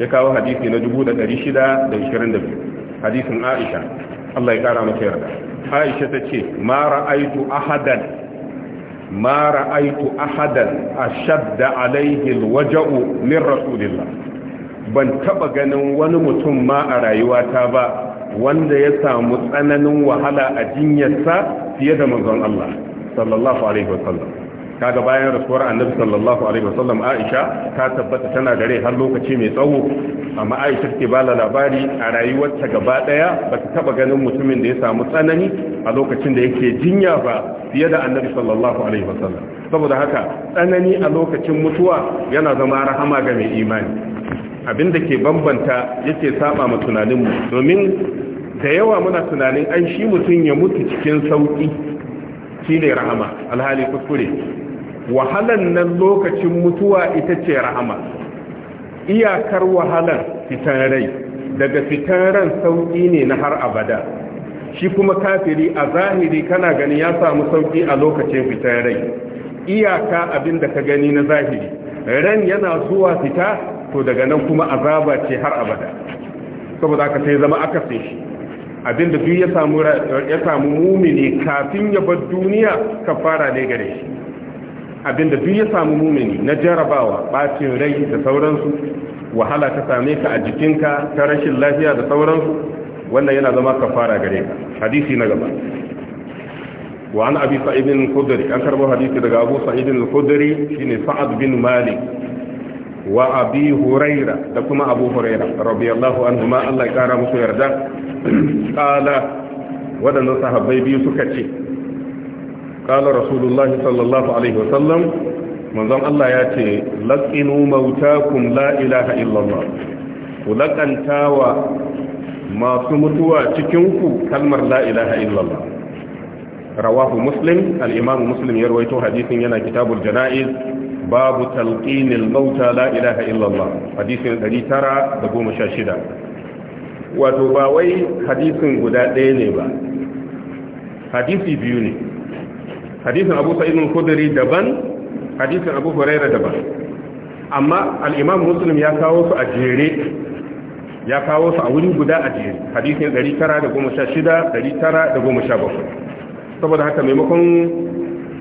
ya kawo hadisi na 622 hadisin aisha Allah ya kara mata yarda aisha ta ce ma ra'aitu ahadan ma ra'aitu ahadan ashadda alaihi alwaja'u min rasulillah ban taba ganin wani mutum ma a rayuwata ba wanda ya samu tsananin wahala a jinyarsa fiye da manzon Allah sallallahu alaihi wasallam kaga bayan rasuwar annabi sallallahu alaihi wasallam Aisha ta tabbata tana rai har lokaci mai tsawo amma Aisha take ba labari a rayuwarta gaba daya ba ta taba ganin mutumin da ya samu tsanani a lokacin da yake jinya ba fiye da annabi sallallahu alaihi wasallam saboda haka tsanani a lokacin mutuwa yana zama rahama ga mai imani abin da ke bambanta yake saba ma tunaninmu domin da yawa muna tunanin an shi mutum ya mutu cikin sauki shi ne rahama alhali kuskure wahalan nan lokacin mutuwa ita ce rahama iyakar wahalan fitan rai daga fitan ran sauƙi ne na har abada shi kuma kafiri a zahiri kana gani ya samu sauki a lokacin fitan rai iyaka abin da ka gani na zahiri ran yana zuwa fita to daga nan kuma azaba ce har abada saboda aka sai zama aka sai shi abin da duk ya samu mumini kafin ya bar duniya kafara ne gare shi abinda duk ya samu mumini na jarabawa bacin rai da sauransu wahala ta same ka a jikinka ta rashin lafiya da sauransu wannan yana zama kafara gare ka hadisi na gaba wa an abi sa'id khudri an karbo hadisi daga abu sa'id al-khudri shine sa'ad bin malik wa abi da kuma abu huraira radiyallahu anhuma Allah ya kara musu yarda *clears throat* qala wadannan sahabbai biyu suka ce qala rasulullahi sallallahu alaihi wasallam manzon Allah ya ce laqinu mautakum la ilaha illallah ku laƙantawa masu mutuwa cikinku kalmar la ilaha illallah rawahu muslim al-imam muslim ya rawaito hadisin yana kitabul janaiz babu talqinil mauta la ilaha illallah hadisin 916 wato ba wai hadisin guda ɗaya ne ba hadisi biyu ne hadisin abu sa'idun kuduri daban hadisin abu huraira daban amma al'imam muslim ya kawo su a jere ya kawo su a wuri guda a jere hadisin 916 917 saboda haka maimakon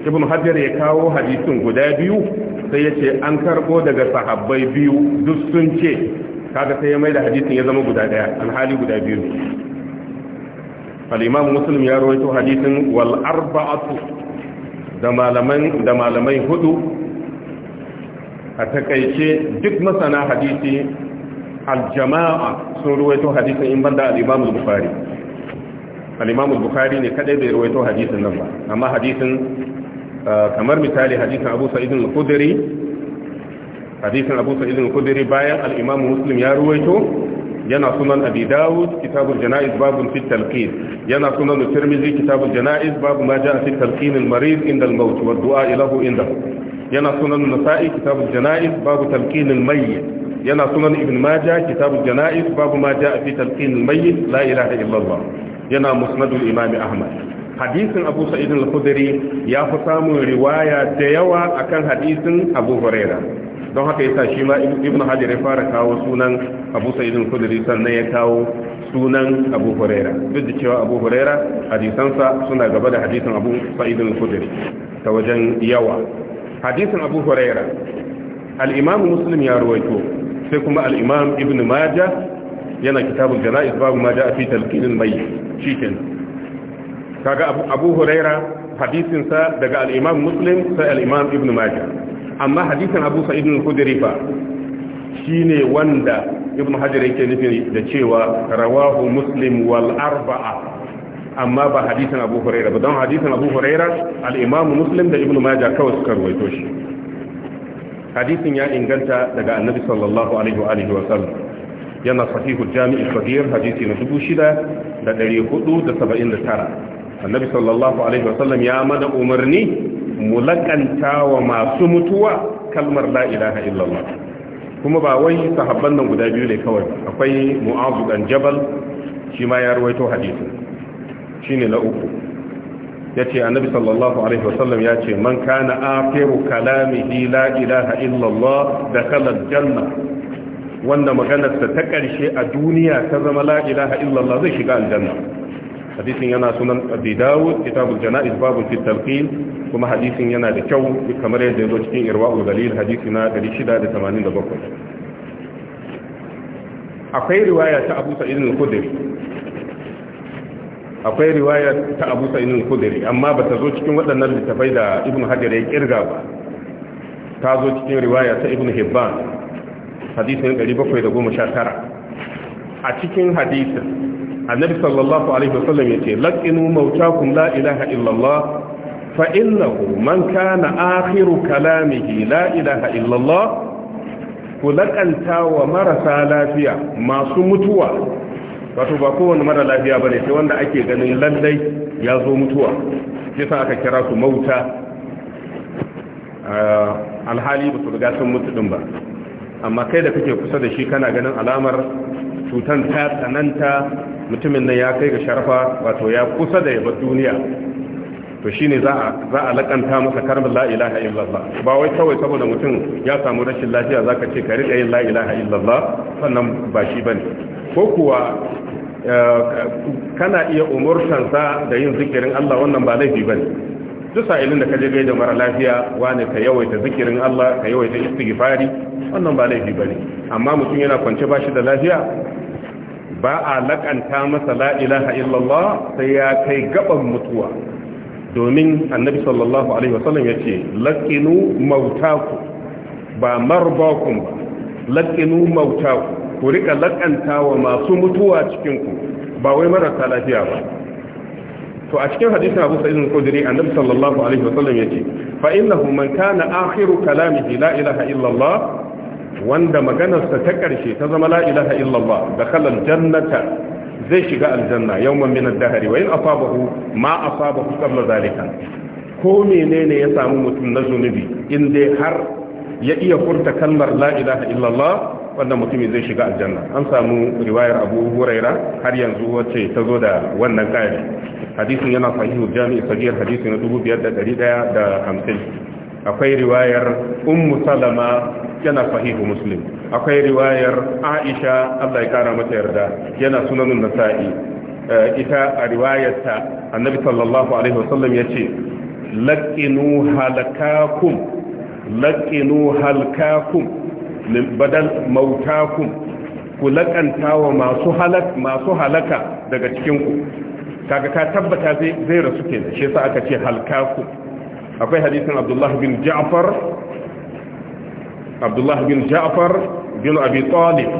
ibn hajjar ya kawo hadisin guda biyu sai ya ce an karbo daga sahabbai biyu duk sun ce kaga sai ya mai da hadisin ya zama guda daya alhali guda biyu al-imam muslim ya rawaito hadisin wal arba'atu da malamai hudu a takaice duk masana hadisi aljama'a sun ruwaito hadisi in banda al-imam al-bukhari al-imam al-bukhari ne kadai bai ruwaito hadisin nan ba amma hadisin uh, kamar misali hadisin abu sa'id al-khudri hadisin abu sa'id al-khudri bayan al-imam muslim ya ruwaito yana sunan abi dawud kitabul janaiz babun fi talqin yana sunan tirmidhi kitabul janaiz babu ma jaa fi talqin al marid inda al maut wa du'a ilahu inda yana sunan nasa'i kitabul janaiz babu talqin al mayyit yana sunan ibn majah kitabul janaiz babu ma jaa fi talqin al mayyit la ilaha illa allah yana musnad al imam ahmad hadisin abu sa'id al khudri ya fi samun riwaya da yawa akan hadisin abu hurairah don haka yasa shi ma ibn hajar ya fara kawo sunan abu sa'idin kudiri sannan ya kawo sunan abu huraira duk da cewa abu huraira hadisansa suna gaba da hadisan abu sa'idin kudiri ta wajen yawa hadisan abu huraira al-imam muslim ya ruwaito sai kuma al ibnu maja yana kitabun janaiz babu maja a fitar talqin mai cikin kaga abu huraira hadisinsa daga al-imam muslim sai al ibnu maja. amma hadisan abu sa'id al-khudri fa shine wanda ibn hajar yake nufin da cewa rawahu muslim wal arba'a amma ba hadisan abu huraira ba don hadisan abu huraira al-imamu muslim da ibn majah kawai suka ruwaito shi hadisin ya inganta daga annabi sallallahu alaihi wa alihi wa sallam yana sahihu jami'i kabir hadisi na 6479 annabi sallallahu alaihi wa sallam ya mana umarni mu laƙantawa wa masu mutuwa kalmar lailaha illallah kuma ba wai sahabban nan guda biyu ne kawai akwai mu'azu dan jabal shi ma ya ruwaito hadisi shine na uku yace annabi sallallahu alaihi wasallam yace man kana akhiru kalamihi la ilaha illallah kalar janna. wanda maganarsa ta ƙarshe a duniya ta zama la ilaha illallah zai shiga aljanna hadisin yana sunan abi dawud kitabul janaiz babu fi talqin kuma hadisin yana da kyau kamar yadda ya zo cikin irwaul dalil hadisi na 687 akwai riwaya ta abu sa'id al-khudri akwai riwaya ta abu sa'id al-khudri amma ba ta zo cikin waɗannan littafai da ibn hajar ya kirga ba ta zo cikin riwaya ta ibn hibban hadisin 719 a cikin hadisin annabi sallallahu alaihi wasallam yace laqinu mautakum la ilaha illallah fa innahu man kana akhiru kalamihi la ilaha illallah ku laqanta wa marasa lafiya masu mutuwa wato ba kowane mara lafiya bane sai wanda ake ganin lallai ya zo mutuwa yasa aka kira su mauta ah, alhali ba su riga sun mutu din ba amma kai da kake kusa da shi kana ganin alamar cutan ta tsananta mutumin nan ya kai ga sharafa wato ya kusa da yabar duniya to shine za a za a lakanta masa karamin la ilaha illallah ba wai kawai saboda mutum ya samu rashin lafiya zaka ce ka rika yin la ilaha illallah sannan ba shi bane ko kuwa eh, kana iya umurtansa da yin zikirin Allah wannan ba laifi bane duk sa'ilin da ka je da mara lafiya wani ka yawaita zikirin Allah ka yawaita istighfari wannan ba laifi bane amma mutum yana kwance bashi da lafiya ba a lakanta masa la ilaha illallah sai ya kai gaban mutuwa domin annabi sallallahu alaihi wasallam ya ce laƙinu mautaku ba marbakun ba laƙinu mautaku ku rika lakanta wa masu mutuwa cikinku ba wai marasa lafiya ba to a cikin hadisin abu sa'idun kudiri annabi sallallahu alaihi wasallam ya ce fa innahu man kana akhiru kalamihi la ilaha illallah wanda maganarsa ta ƙarshe ta zama la ilaha illallah da khalal jannata zai shiga aljanna yawman min ad-dahri wa in asabahu ma asabahu qabla zalika ko menene ya samu mutum na zunubi in dai har ya iya furta kalmar la ilaha illallah wanda mutum zai shiga aljanna an samu riwayar Abu Huraira har yanzu wacce ta zo da wannan kayan hadisin yana sahihu jami'in sahih hadisi na hamsin. akwai riwayar ummu salama yana sahihu muslim akwai riwayar aisha Allah ya kara mata yarda yana sunanun nasa'i eh, ita a riwayarta annabi sallallahu alaihi wasallam yace laqinu halakakum laqinu halkakum badal mautakum ku laƙanta wa masu masu halaka daga cikinku? kaga ka tabbata zai rasu da shi yasa aka ce halkakum akwai hadisin abdullah bin ja'far abdullah bin ja'far bin abi talib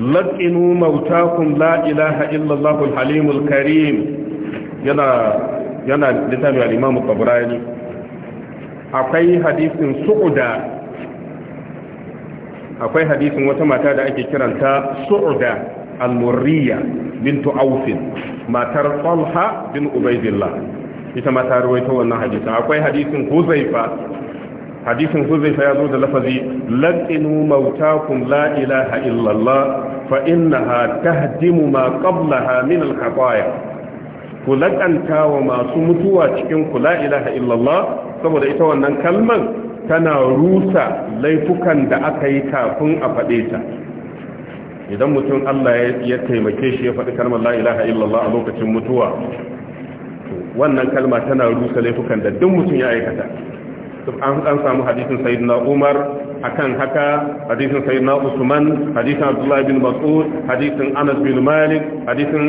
laqinu mautakum la ilaha illa allah al karim yana yana littafin al-imam tabrani akwai hadisin su'uda akwai hadisin wata mata da ake kiranta su'uda al-murriya bintu aufin matar talha bin ubaidillah ita ma ta rawaito wannan hadisin akwai hadisin huzaifa hadisin huzaifa ya zo da lafazi laqinu mautakum la ilaha illallah fa innaha tahdimu ma qablaha min al ku laqanta wa masu mutuwa cikin ku la ilaha illallah saboda ita wannan kalman tana rusa laifukan da aka yi kafin a faɗe ta idan mutum Allah ya taimake shi ya faɗi kalmar la ilaha illallah a lokacin mutuwa wannan kalma tana rusa laifukan da duk mutum ya aikata an samu hadisin sayyidina Umar akan haka hadisin sayyidina Usman hadisin Abdullah bin Mas'ud hadisin Anas bin Malik hadisin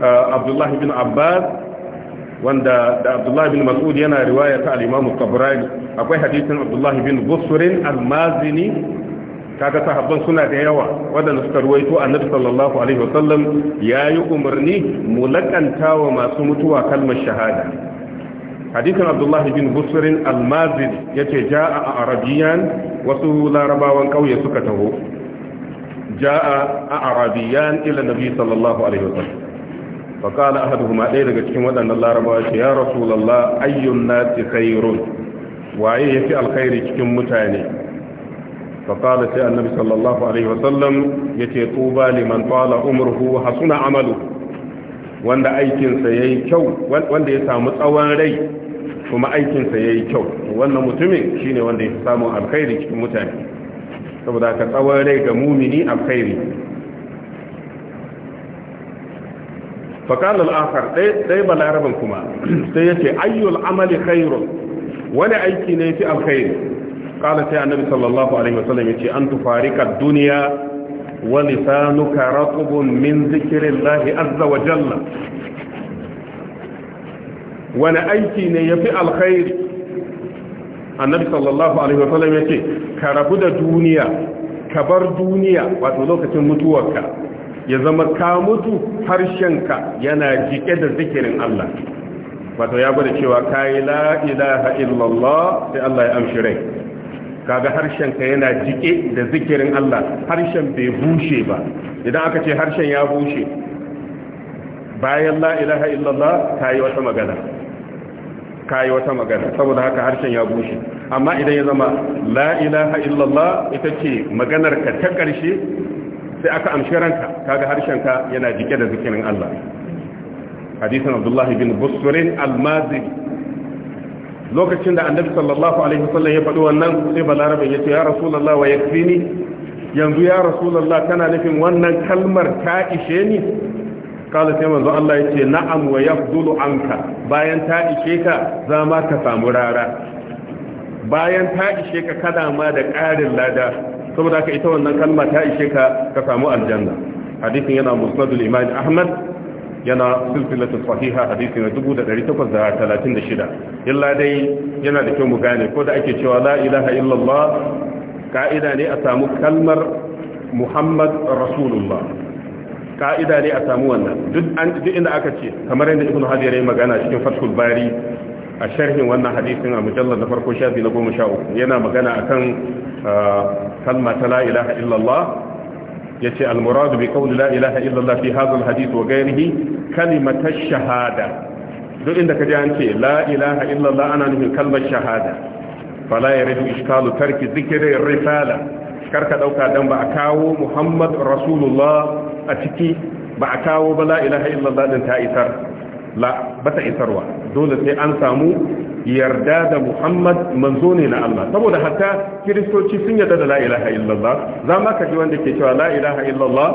uh, Abdullah bin Abbas wanda da Abdullah bin Mas'ud yana riwaya ta al-Imam Tabrani akwai hadisin Abdullah bin Busr al-Mazini kaga sahabban suna da yawa waɗanda suka ruwaito annabi sallallahu alaihi wasallam yayi umarni mulakanta wa masu mutuwa kalmar shahada hadisin abdullahi bin busrin al yace jaa a arabiyan wasu larabawan kauye suka taho jaa a arabiyan ila nabi sallallahu alaihi wasallam فقال أحدهما ɗaya daga cikin waɗannan larabawa ce ya rasulallah ayyun nasi khairun waye yafi alkhairi cikin mutane فقال سي النبي صلى الله عليه وسلم يتي طوبى لمن طال عمره وحسن عمله wanda aikinsa ya yi kyau wanda ya samu tsawon rai kuma aikinsa ya yi kyau wannan mutumin shine wanda ya samun alkhairi cikin mutane saboda ka tsawon rai ga mumini alkhairi faƙalar al'afar ɗaya balarabin kuma sai yace ce ayyul amali khairun wani aiki ne fi alkhairi kala sai annabi sallallahu alaihi wasallam yace an tufarika duniya wa lisanuka ratbun min zikrillahi azza wa jalla wani aiki ne yafi alkhairi annabi sallallahu alaihi wasallam yace ka rabu da duniya ka bar duniya wato lokacin mutuwarka ya zama ka mutu harshenka yana jike da zikirin Allah wato ya gwada cewa kayi la ilaha illallah sai Allah ya amshi rai kaga harshen ka yana jike da zikirin Allah harshen bai bushe ba idan aka ce harshen ya bushe bayan la ilaha illallah kayi wata magana kayi wata magana saboda haka harshen ya bushe amma idan ya zama la ilaha illallah ita ce maganar ka ta karshe sai aka amshi ranka kaga harshen ka yana jike da zikirin Allah hadisin Abdullahi bin Busr al lokacin da annabi sallallahu alaihi wasallam ya faɗi wannan sai balarabe ya ce ya rasulullah wa yakfini yanzu ya rasulullah kana nufin wannan kalmar ta ishe ni kala sai manzo Allah ya ce na'am wa yafdulu anka bayan ta ishe ka za ma ka samu rara bayan ta ishe ka kada ma da ƙarin lada saboda haka ita wannan kalma ta ishe ka ka samu aljanna hadisin yana musnadul imam ahmad yana silsilatu sahiha hadisi na 1836 illa dai yana da kyau mu gane ko da ake cewa la ilaha illallah ka'ida ne a samu kalmar muhammad rasulullah ka'ida ne a samu wannan duk an duk inda aka ce kamar yadda ibnu hajar ya magana cikin fathul bari a sharhin wannan hadisin a mujallar da farko shafi na 13 yana magana akan ah, kalma ta la ilaha illallah yace al-murad bi qawli la ilaha illallah fi hadha al-hadith wa ghayrihi kalimat shahada duk inda ka an ce la ilaha illallah ana nufin kalmar shahada fala yaridu ishkalu tarki dhikri risala karka dauka dan ba a kawo Muhammad Rasulullah a ciki ba a kawo ba la ilaha illallah din ta isar la bata isarwa dole sai an samu yarda da muhammad manzo ne na Allah saboda hatta kiristoci sun yarda da la ilaha illallah za ma ka ji wanda ke cewa la ilaha illallah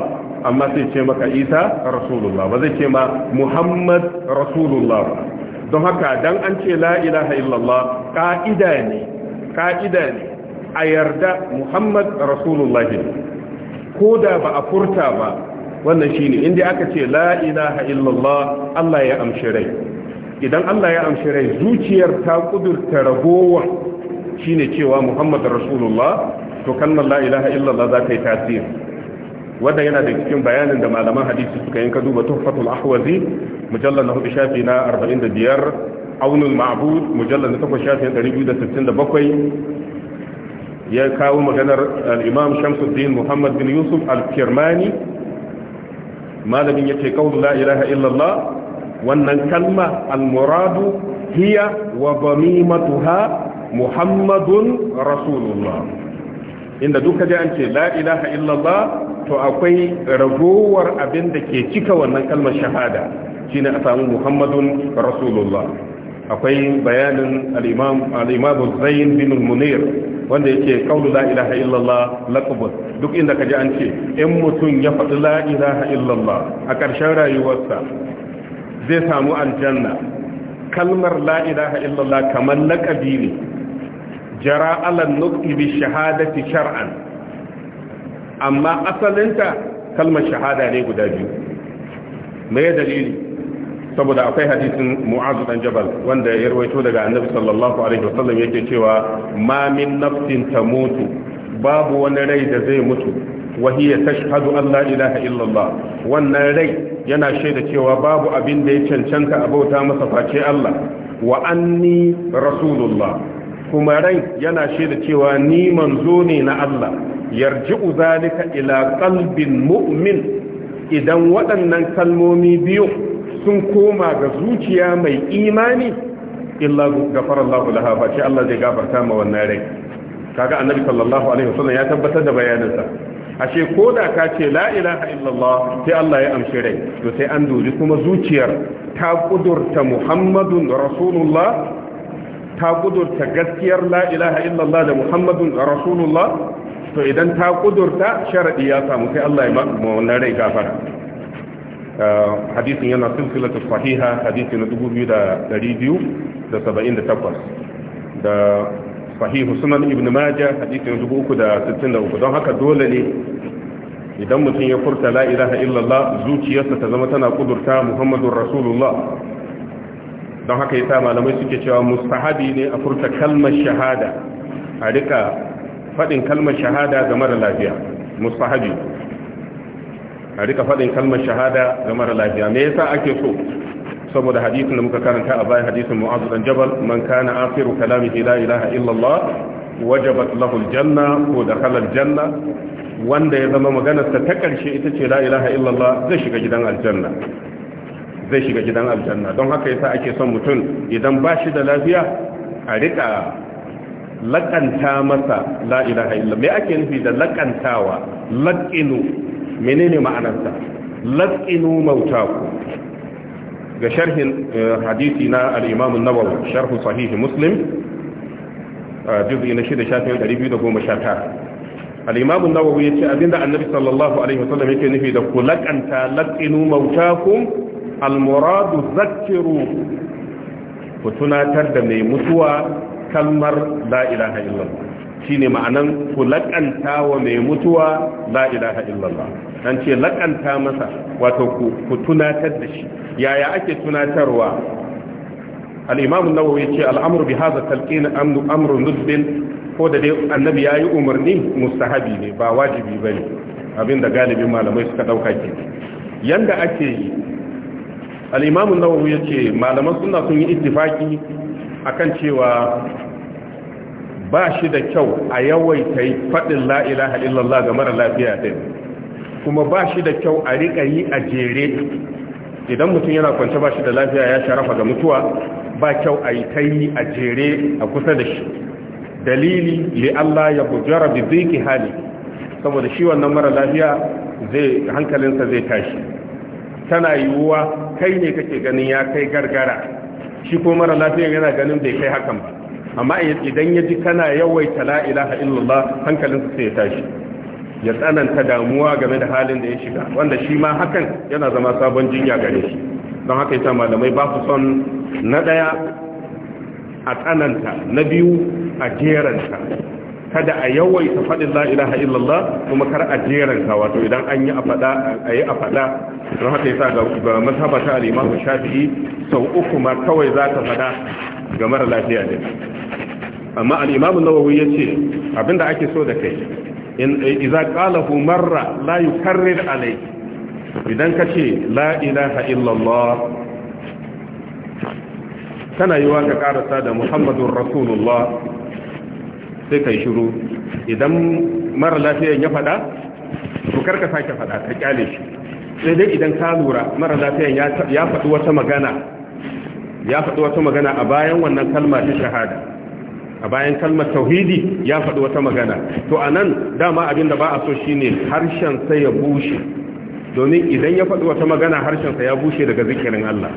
amma sai ce maka isa rasulullah ba zai ce ma muhammad rasulullah ba don haka dan an ce la ilaha illallah ka'ida ne ka'ida ne a yarda muhammad rasulullah ko da ba a furta ba wannan shine inda aka ce la ilaha illallah Allah ya amshi rai idan Allah ya amshi rai zuciyar ta kudurta ragowa shine cewa Muhammad Rasulullah to kalmar la ilaha illallah za ta yi tasiri wanda yana da cikin bayanin da malaman hadisi suka yanka duba tuhfatul ahwazi mujallal na hudu shafi na biyar. aunul ma'bud mujallal na takwas shafi na bakwai ya kawo maganar al'imam Shamsuddin Muhammad bin Yusuf al-Kirmani malamin ce qawlu la ilaha illallah wannan kalma almuradu hiya wa damimatuha muhammadun rasulullah inda duka ji an ce la ilaha illallah to akwai ragowar abin da ke cika wannan kalmar shahada shine a samu muhammadun rasulullah akwai bayanin al'imamu zain bin munir wanda yake kaulu la ilaha illallah laqabun duk inda kaje an ce in mutum ya faɗi la ilaha illallah a ƙarshen rayuwarsa zai samu aljanna kalmar lailaha illallah kamar laqabi ne jara alan nuqi shahadati shar'an amma asalinta kalmar shahada ne guda biyu me dalili saboda akwai hadisin mu'azu dan jabal wanda ya rawaito daga annabi sallallahu alaihi wasallam yake cewa ma min nafsin tamutu babu wani rai da zai mutu Wahi wahiya tashhadu an la ilaha illallah wannan rai yana shaida cewa babu abin da ya cancanta a bauta masa face Allah Wa'anni anni rasulullah kuma rai yana shaida cewa ni manzo na Allah yarji'u zalika ila qalbin mu'min idan waɗannan kalmomi biyu sun koma ga zuciya mai imani illa gafara Allah laha face Allah zai gafarta ma wannan rai kaga annabi sallallahu alaihi wasallam ya tabbatar da bayaninsa ashe ko da ka ce la ilaha illallah sai Allah ya amshi rai to sai an duji kuma zuciyar ta kudurta muhammadun rasulullah ta kudurta gaskiyar la ilaha illallah da muhammadun rasulullah to idan ta kudurta sharadi ya samu sai Allah ya ma wannan rai gafara uh, hadisin yana silsilatu sahiha hadisi na 2278 da sahihu sunan ibn majah hadisin 363 don haka dole ne idan mutum ya furta la ilaha illallah zuciyarsa ta zama tana kudurta muhammadur rasulullah don haka yasa malamai suke cewa mustahabi ne a furta kalmar shahada a rika fadin kalmar shahada ga mara lafiya mustahabi a rika fadin kalmar shahada ga mara lafiya me yasa ake so saboda hadisin da muka karanta a bayan hadisin mu'az dan jabal man kana akhiru kalamihi la ilaha illa Allah wajabat lahu aljanna ko dakhala aljanna wanda ya zama maganarsa ta karshe ita ce la ilaha illa Allah zai shiga gidan aljanna zai shiga gidan aljanna don haka yasa ake son mutum idan ba shi da lafiya a rika lakanta masa la ilaha illa me ake nufi da lakantawa laqinu menene ma'anarsa laqinu mautaku ga sharhin eh, hadisi na al-imam an-nawawi sharh sahih muslim eh, juz'i na da goma sha al-imam an ya ce abinda annabi sallallahu alaihi wasallam yake nufi da ku laqinu mautakum al-murad zakiru ku tunatar da mai mutuwa kalmar la'ilaha ilaha illallah shine ma'anan kulakanta wa mai mutuwa la'ilaha illallah an ce lakanta masa wato ku tunatar da shi yaya ake tunatarwa al-imam an-nawawi ce al-amru bi hadha talqin amru ko da dai annabi yayi umarni mustahabi ne ba wajibi bane abinda galibin malamai suka dauka ke yanda ake yi al-imam an-nawawi yace malaman suna sun yi ittifaki akan cewa ba shi da kyau a yawaita faɗin la ilaha illallah ga mara lafiya ɗin kuma ba shi da kyau a riƙa yi a jere idan mutum yana kwance ba shi da lafiya ya sharafa ga mutuwa ba kyau a yi ta yi a jere a kusa da shi dalili li Allah ya bujara bi ziki hali saboda shi wannan mara lafiya zai hankalinsa zai tashi tana yiwuwa kai ne kake ganin ya kai gargara shi ko mara lafiyan yana ganin bai kai hakan ba amma idan ya ji kana yawaita la ilaha illallah hankalinsa sai ya tashi ya tsananta damuwa game da halin da ya shiga wanda shi ma hakan yana zama sabon jinya gare shi don haka yasa malamai ba su son na ɗaya a tsananta na biyu a jeranta kada a yawaita faɗi la ilaha illallah kuma kar a jeranta wato idan an yi a faɗa a yi a faɗa don haka yasa ga mazhaba ta al Shafi'i sau uku ma kawai za ka faɗa ga mara lafiya ne amma al-Imam Nawawi yace abinda ake so da kai Iza ƙalafu qalahu marra la yukarrir alayhi idan kace la ilaha illallah kana yi wa ka ƙarasa da muhammadun rasulullah sai kai shiru idan mara lafiyan ya fada to karka sake fada ka kyale shi sai dai idan ka lura mara lafiyan ya faɗi wata magana ya faɗi wata magana a bayan wannan kalma shahada a bayan kalmar tauhidi ya faɗi wata magana to a nan dama abin da ba a so shine harshensa ya bushe domin idan ya faɗi wata magana harshensa ya bushe daga zikirin Allah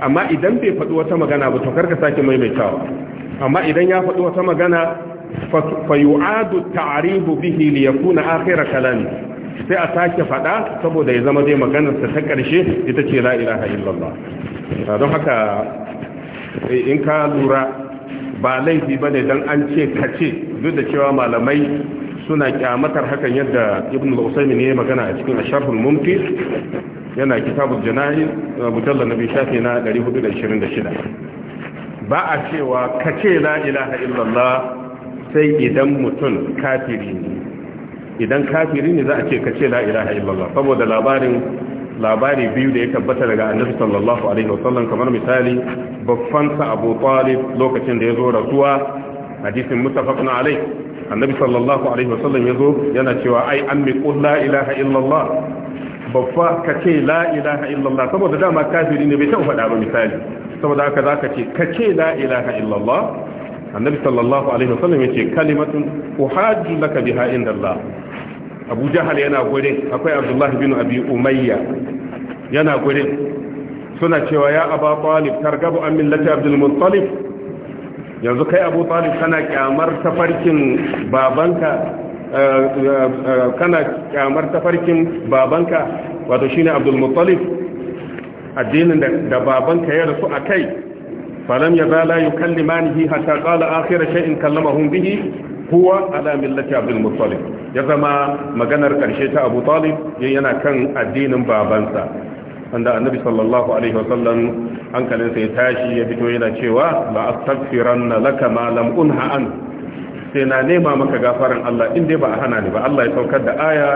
amma idan bai faɗi wata magana ba to karka sake maimaitawa amma idan ya faɗi wata magana fa yu'adu ta'ribu bihi li yakuna akhir kalam sai a sake faɗa saboda ya zama dai maganarsa ta ƙarshe ita ce la ilaha illallah don haka eh, in ka lura ba laifi ba ne don an ce ka ce duk da cewa malamai suna kyamatar hakan yadda ibn al ya yi magana a cikin asharhul mumti yana kitabul janahi mujallal nabi shafi na 426 ba a cewa ka kace la ilaha illallah sai idan mutum kafiri ne idan kafiri ne za a ce ka kace la ilaha illallah saboda labarin labari biyu da ya tabbata daga annabi sallallahu alaihi wasallam kamar misali baffansa Abu Talib lokacin da ya zo rasuwa hadisin muttafaqun alaihi annabi sallallahu alaihi wasallam yazo yana cewa ai ammi qul la ilaha illallah babba kace la ilaha illallah saboda dama kafiri ne bai taɓa faɗa ba misali saboda haka zaka ce kace la ilaha illallah annabi sallallahu alaihi wasallam yace kalimatun uhajju laka biha indallah abu jahal yana gurin akwai abdullahi bin abi umayya yana gurin suna cewa ya aba talib targabu an millati abdul muttalib yanzu kai abu talib kana kyamar tafarkin babanka eh, eh, eh, kana kyamar tafarkin babanka wato shine abdul muttalib addinin da babanka ya rasu a kai falam ya zala yukallimanihi hatta qala akhir shay'in kallamahum bihi huwa ala millati abdul muttalib ya zama maganar karshe ta abu talib yana kan addinin babansa wanda annabi sallallahu alaihi wasallam hankalin sai tashi ya fito yana cewa la astaghfiranna laka ma lam unha an sai na nema maka gafaran Allah in dai ba a hana ni ba Allah ya saukar da aya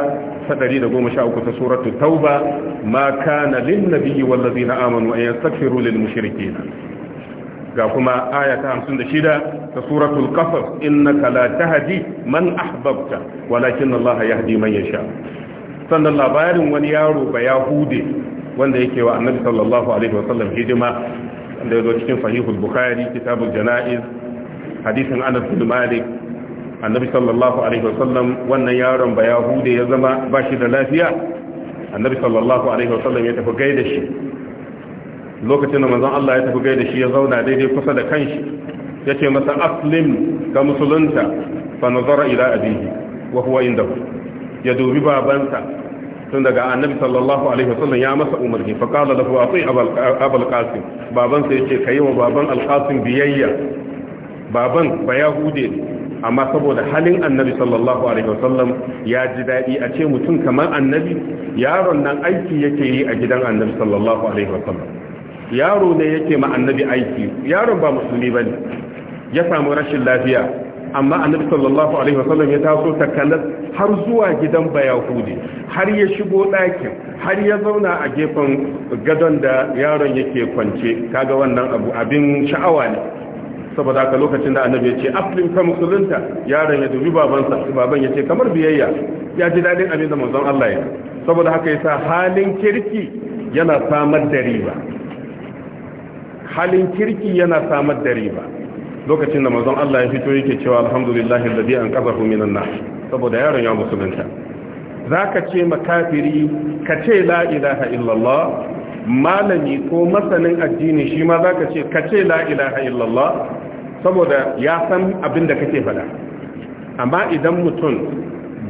ta 113 ta suratul tauba ma kana lin nabiyyi wal ladina amanu an yastaghfiru lil mushrikeena ga kuma aya ta da shida ta suratul qasas innaka la tahdi man ahbabta walakin Allah yahdi man yasha sannan labarin wani yaro ba yahude wanda yake wa annabi sallallahu alaihi wasallam hidima wanda ya cikin sahihul bukhari kitabul janaiz hadisin anas bin malik annabi sallallahu alaihi wasallam wannan yaron ba yahude ya zama ba shi da lafiya annabi sallallahu alaihi wasallam ya tafi gaida shi lokacin da manzon Allah ya tafi gaida shi ya zauna daidai kusa da kanshi ya ce masa aslim ga musulunta fa nazara ila abihi wa huwa indahu ya dubi babansa tun daga annabi sallallahu alaihi wasallam ya masa umarni fa qala lahu ati abul qasim baban sa yace kai wa baban al biyayya baban ba yahude amma saboda halin annabi sallallahu alaihi wasallam ya ji dadi a ce mutum kamar annabi yaron nan aiki yake yi a gidan annabi sallallahu alaihi wasallam yaro ne yake ma annabi aiki yaron ba musulmi bane ya samu rashin lafiya amma annabi sallallahu alaihi wasallam ya taso takanas har zuwa gidan bayahudi har ya shigo ɗakin har ya zauna a gefen gadon da yaron yake kwance kaga wannan abu abin sha'awa ne saboda ka lokacin da annabi ya ce aflin ka musulunta yaron ya dubi babansa baban ya ce kamar biyayya ya ji daɗin abin da manzon Allah ya saboda haka yasa halin kirki yana samar da riba halin kirki yana samar da riba lokacin da manzon Allah ya fito yake cewa alhamdulillahi alladhi anqadhahu minan na saboda yaron ya musulunta ka ce makafiri ka ce la ilaha illallah malami ko masanin addini shi ma ka ce ka ce la ilaha illallah saboda ya san abin da kake faɗa amma idan mutum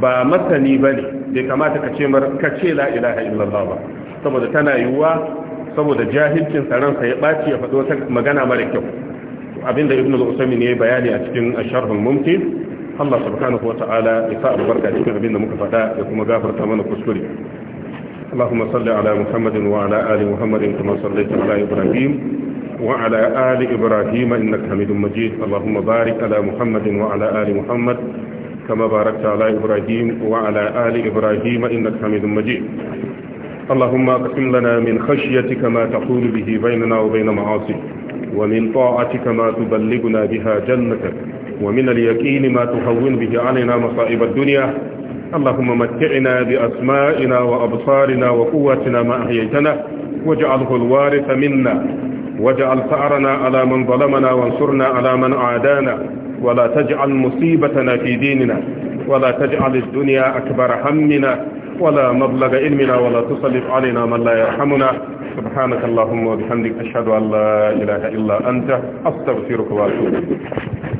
ba masani ne bai kamata ka ce mar ka ce la ilaha illallah ba saboda tana yiwuwa saboda jahilcin ransa ya ɓaci ya faɗi wata magana mara kyau abinda ibn al ne yayi bayani a cikin sharhul mumti Allah subhanahu wa ta'ala ya sa albarka cikin da muka faɗa ya kuma gafarta mana kuskure اللهم صل على محمد وعلى آل محمد كما صليت على إبراهيم وعلى آل إبراهيم إنك حميد مجيد اللهم بارك على محمد وعلى آل محمد كما باركت على إبراهيم وعلى آل إبراهيم إنك حميد مجيد اللهم اقسم لنا من خشيتك ما تحول به بيننا وبين معاصيك ومن طاعتك ما تبلغنا بها جنتك ومن اليقين ما تهون به علينا مصائب الدنيا اللهم متعنا بأسمائنا وأبصارنا وقواتنا ما أحييتنا واجعله الوارث منا واجعل ثأرنا على من ظلمنا وانصرنا على من عادانا ولا تجعل مصيبتنا في ديننا ولا تجعل الدنيا أكبر همنا ولا مبلغ علمنا ولا تسلط علينا من لا يرحمنا سبحانك اللهم وبحمدك أشهد أن لا إله إلا أنت أستغفرك وأتوب